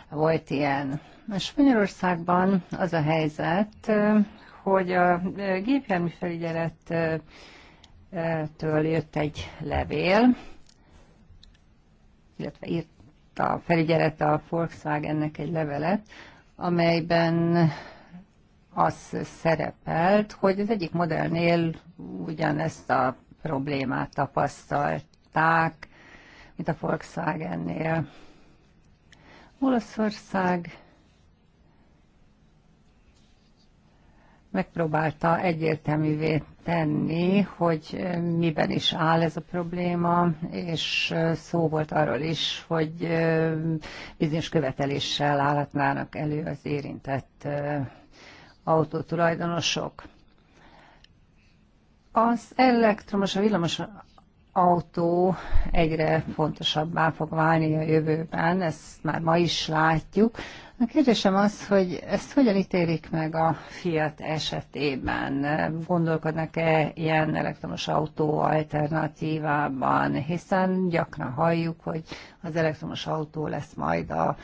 volt ilyen. Spanyolországban az a helyzet, hogy a gépjármű felügyelettől jött egy levél, illetve írt a felügyelet a Volkswagennek egy levelet, amelyben az szerepelt, hogy az egyik modellnél ugyanezt a problémát tapasztalták, mint a Volkswagennél. Olaszország megpróbálta egyértelművé tenni, hogy miben is áll ez a probléma, és szó volt arról is, hogy bizonyos követeléssel állhatnának elő az érintett autótulajdonosok. Az elektromos, a villamos autó egyre fontosabbá fog válni a jövőben, ezt már ma is látjuk. A kérdésem az, hogy ezt hogyan ítélik meg a Fiat esetében? Gondolkodnak-e ilyen elektromos autó alternatívában? Hiszen gyakran halljuk, hogy az elektromos autó lesz majd a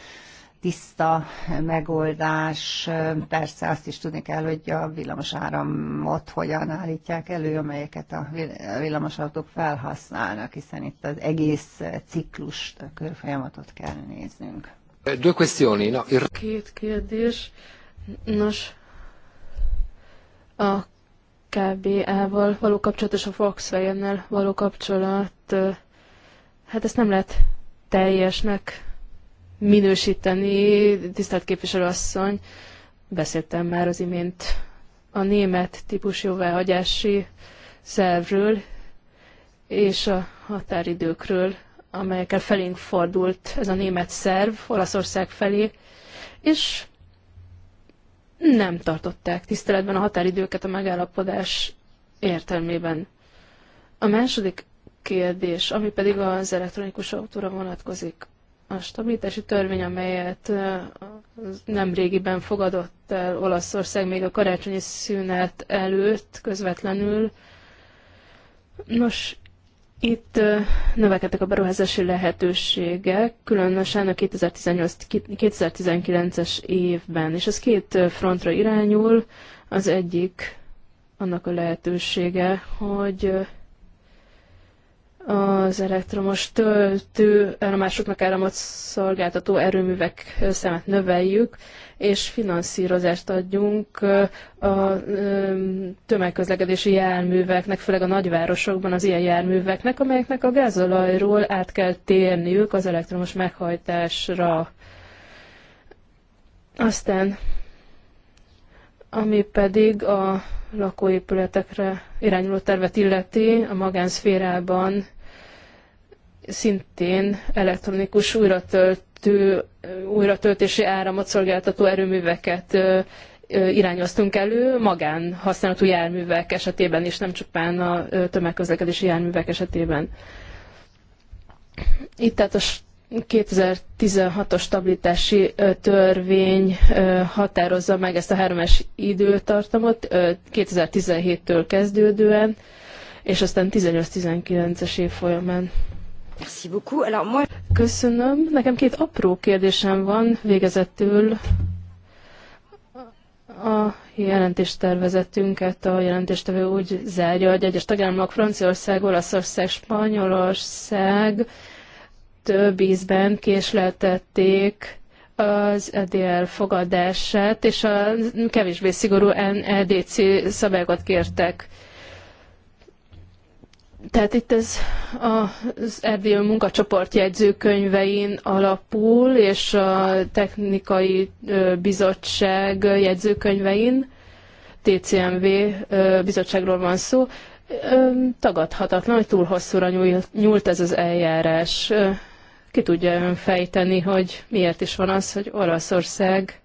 tiszta megoldás. Persze azt is tudni kell, hogy a villamos áramot hogyan állítják elő, amelyeket a villamosautók felhasználnak, hiszen itt az egész ciklust, a körfolyamatot kell néznünk. Eh, Két kérdés. Nos, a KBA-val való kapcsolat és a Volkswagen-nel való kapcsolat, eh, hát ezt nem lehet teljesnek minősíteni, tisztelt képviselőasszony. Beszéltem már az imént a német típus jóváhagyási szervről és a határidőkről, amelyekkel felénk fordult ez a német szerv Olaszország felé, és nem tartották tiszteletben a határidőket a megállapodás értelmében. A második kérdés, ami pedig az elektronikus autóra vonatkozik. A stabilitási törvény, amelyet nem régiben fogadott el Olaszország még a karácsonyi szünet előtt közvetlenül. Nos, itt növekedtek a beruházási lehetőségek, különösen a 2018-2019-es évben, és ez két frontra irányul. Az egyik annak a lehetősége, hogy az elektromos töltő állomásoknak áramot szolgáltató erőművek számát növeljük, és finanszírozást adjunk a tömegközlekedési járműveknek, főleg a nagyvárosokban az ilyen járműveknek, amelyeknek a gázolajról át kell térniük az elektromos meghajtásra. Aztán, ami pedig a lakóépületekre irányuló tervet illeti, a magánszférában szintén elektronikus újratölt méretű újratöltési áramot szolgáltató erőműveket irányoztunk elő magán használatú járművek esetében is, nem csupán a tömegközlekedési járművek esetében. Itt tehát a 2016-os stabilitási törvény határozza meg ezt a hármas időtartamot 2017-től kezdődően, és aztán 18-19-es év folyamán. Köszönöm. Nekem két apró kérdésem van végezetül a jelentéstervezetünket a jelentéstevő úgy zárja, hogy egyes tagállamok Franciaország, Olaszország, Spanyolország több ízben késleltették az EDR fogadását, és a kevésbé szigorú NEDC szabályokat kértek. Tehát itt ez az Erdély munkacsoport jegyzőkönyvein alapul, és a technikai bizottság jegyzőkönyvein, TCMV bizottságról van szó, tagadhatatlan, hogy túl hosszúra nyúlt ez az eljárás. Ki tudja ön fejteni, hogy miért is van az, hogy Olaszország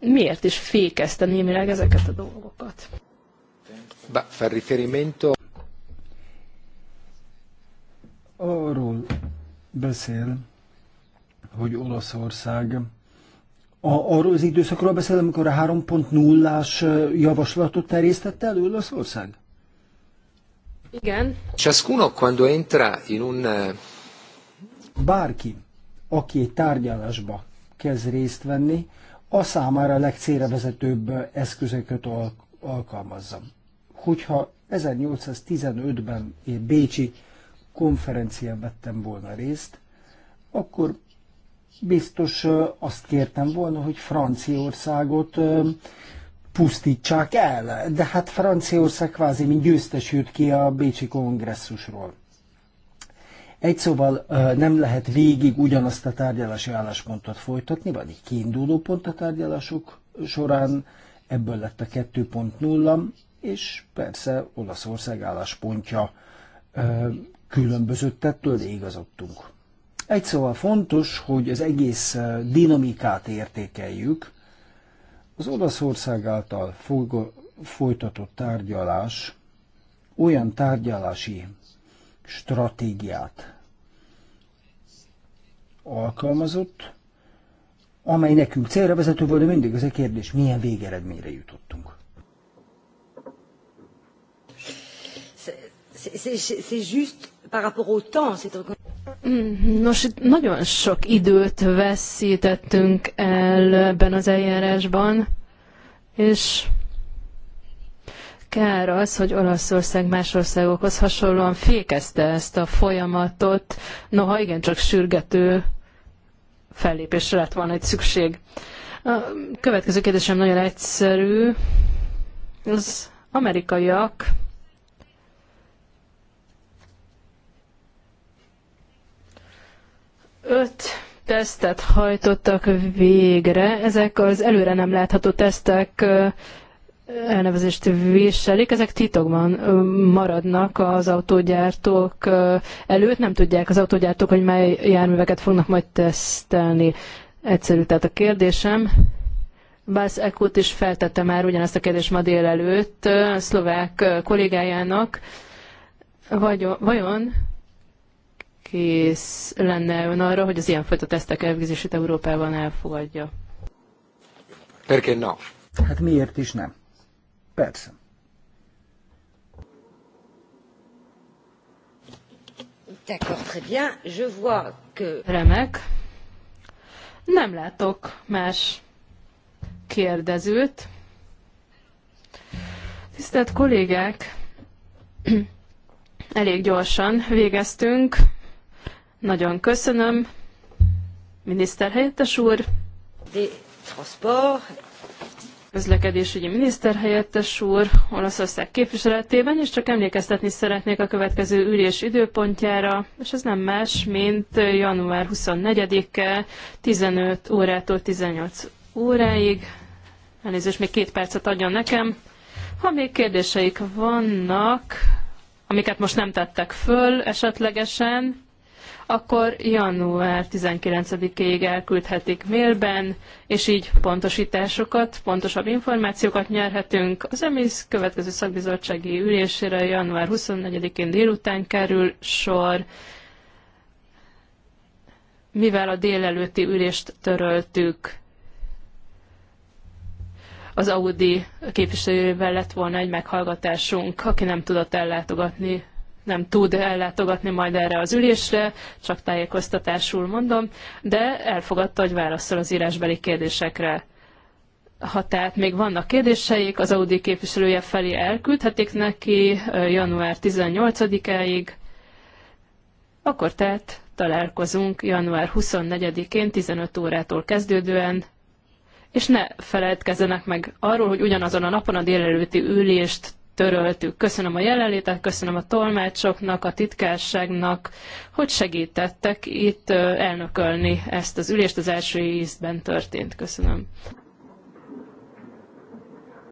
miért is fékezte némileg ezeket a dolgokat? Beh, fa riferimento... Arról beszél, hogy Olaszország a, arról az időszakról beszél, amikor a 30 as javaslatot terjesztette elő Olaszország? Igen. Ciascuno quando entra in un... Eh, Bárki, aki egy tárgyalásba kezd részt venni, a számára legcélre vezetőbb eszközöket alkalmazza hogyha 1815-ben én Bécsi konferencián vettem volna részt, akkor biztos azt kértem volna, hogy Franciaországot pusztítsák el. De hát Franciaország kvázi mint győztes jött ki a Bécsi kongresszusról. Egy szóval nem lehet végig ugyanazt a tárgyalási álláspontot folytatni, van egy kiinduló pont a tárgyalások során, ebből lett a és persze Olaszország álláspontja különbözött ettől, de igazodtunk. Egy szóval fontos, hogy az egész dinamikát értékeljük. Az Olaszország által folytatott tárgyalás olyan tárgyalási stratégiát alkalmazott, amely nekünk célra vezető volt, de mindig az a kérdés, milyen végeredményre jutottunk. c'est juste par rapport au temps. Nos, nagyon sok időt veszítettünk el ebben az eljárásban, és kár az, hogy Olaszország más országokhoz hasonlóan fékezte ezt a folyamatot, noha igencsak sürgető fellépésre lett volna egy szükség. A következő kérdésem nagyon egyszerű. Az amerikaiak öt tesztet hajtottak végre. Ezek az előre nem látható tesztek elnevezést viselik, ezek titokban maradnak az autógyártók előtt, nem tudják az autógyártók, hogy mely járműveket fognak majd tesztelni. Egyszerű, tehát a kérdésem, Bász Ekut is feltette már ugyanezt a kérdést ma délelőtt szlovák kollégájának, vagy, vajon kész lenne ön arra, hogy az ilyenfajta tesztek elvégzését Európában elfogadja? Perként na. Hát miért is nem? Persze. D'accord, très bien. Je vois que... Remek. Nem látok más kérdezőt. Tisztelt kollégák, elég gyorsan végeztünk. Nagyon köszönöm, miniszterhelyettes úr. Közlekedésügyi miniszterhelyettes úr Olaszország képviseletében, és csak emlékeztetni szeretnék a következő ülés időpontjára, és ez nem más, mint január 24-e 15 órától 18 óráig. Elnézést, még két percet adjon nekem. Ha még kérdéseik vannak, amiket most nem tettek föl esetlegesen, akkor január 19-ig elküldhetik mailben, és így pontosításokat, pontosabb információkat nyerhetünk. Az EMISZ következő szakbizottsági ülésére január 24-én délután kerül sor, mivel a délelőtti ülést töröltük, az Audi képviselőjével lett volna egy meghallgatásunk, aki nem tudott ellátogatni nem tud ellátogatni majd erre az ülésre, csak tájékoztatásul mondom, de elfogadta, hogy válaszol az írásbeli kérdésekre. Ha tehát még vannak kérdéseik, az Audi képviselője felé elküldhetik neki január 18-áig, akkor tehát találkozunk január 24-én 15 órától kezdődően, és ne feledkezzenek meg arról, hogy ugyanazon a napon a délelőtti ülést töröltük. Köszönöm a jelenlétet, köszönöm a tolmácsoknak, a titkárságnak, hogy segítettek itt elnökölni ezt az ülést, az első ízben történt. Köszönöm.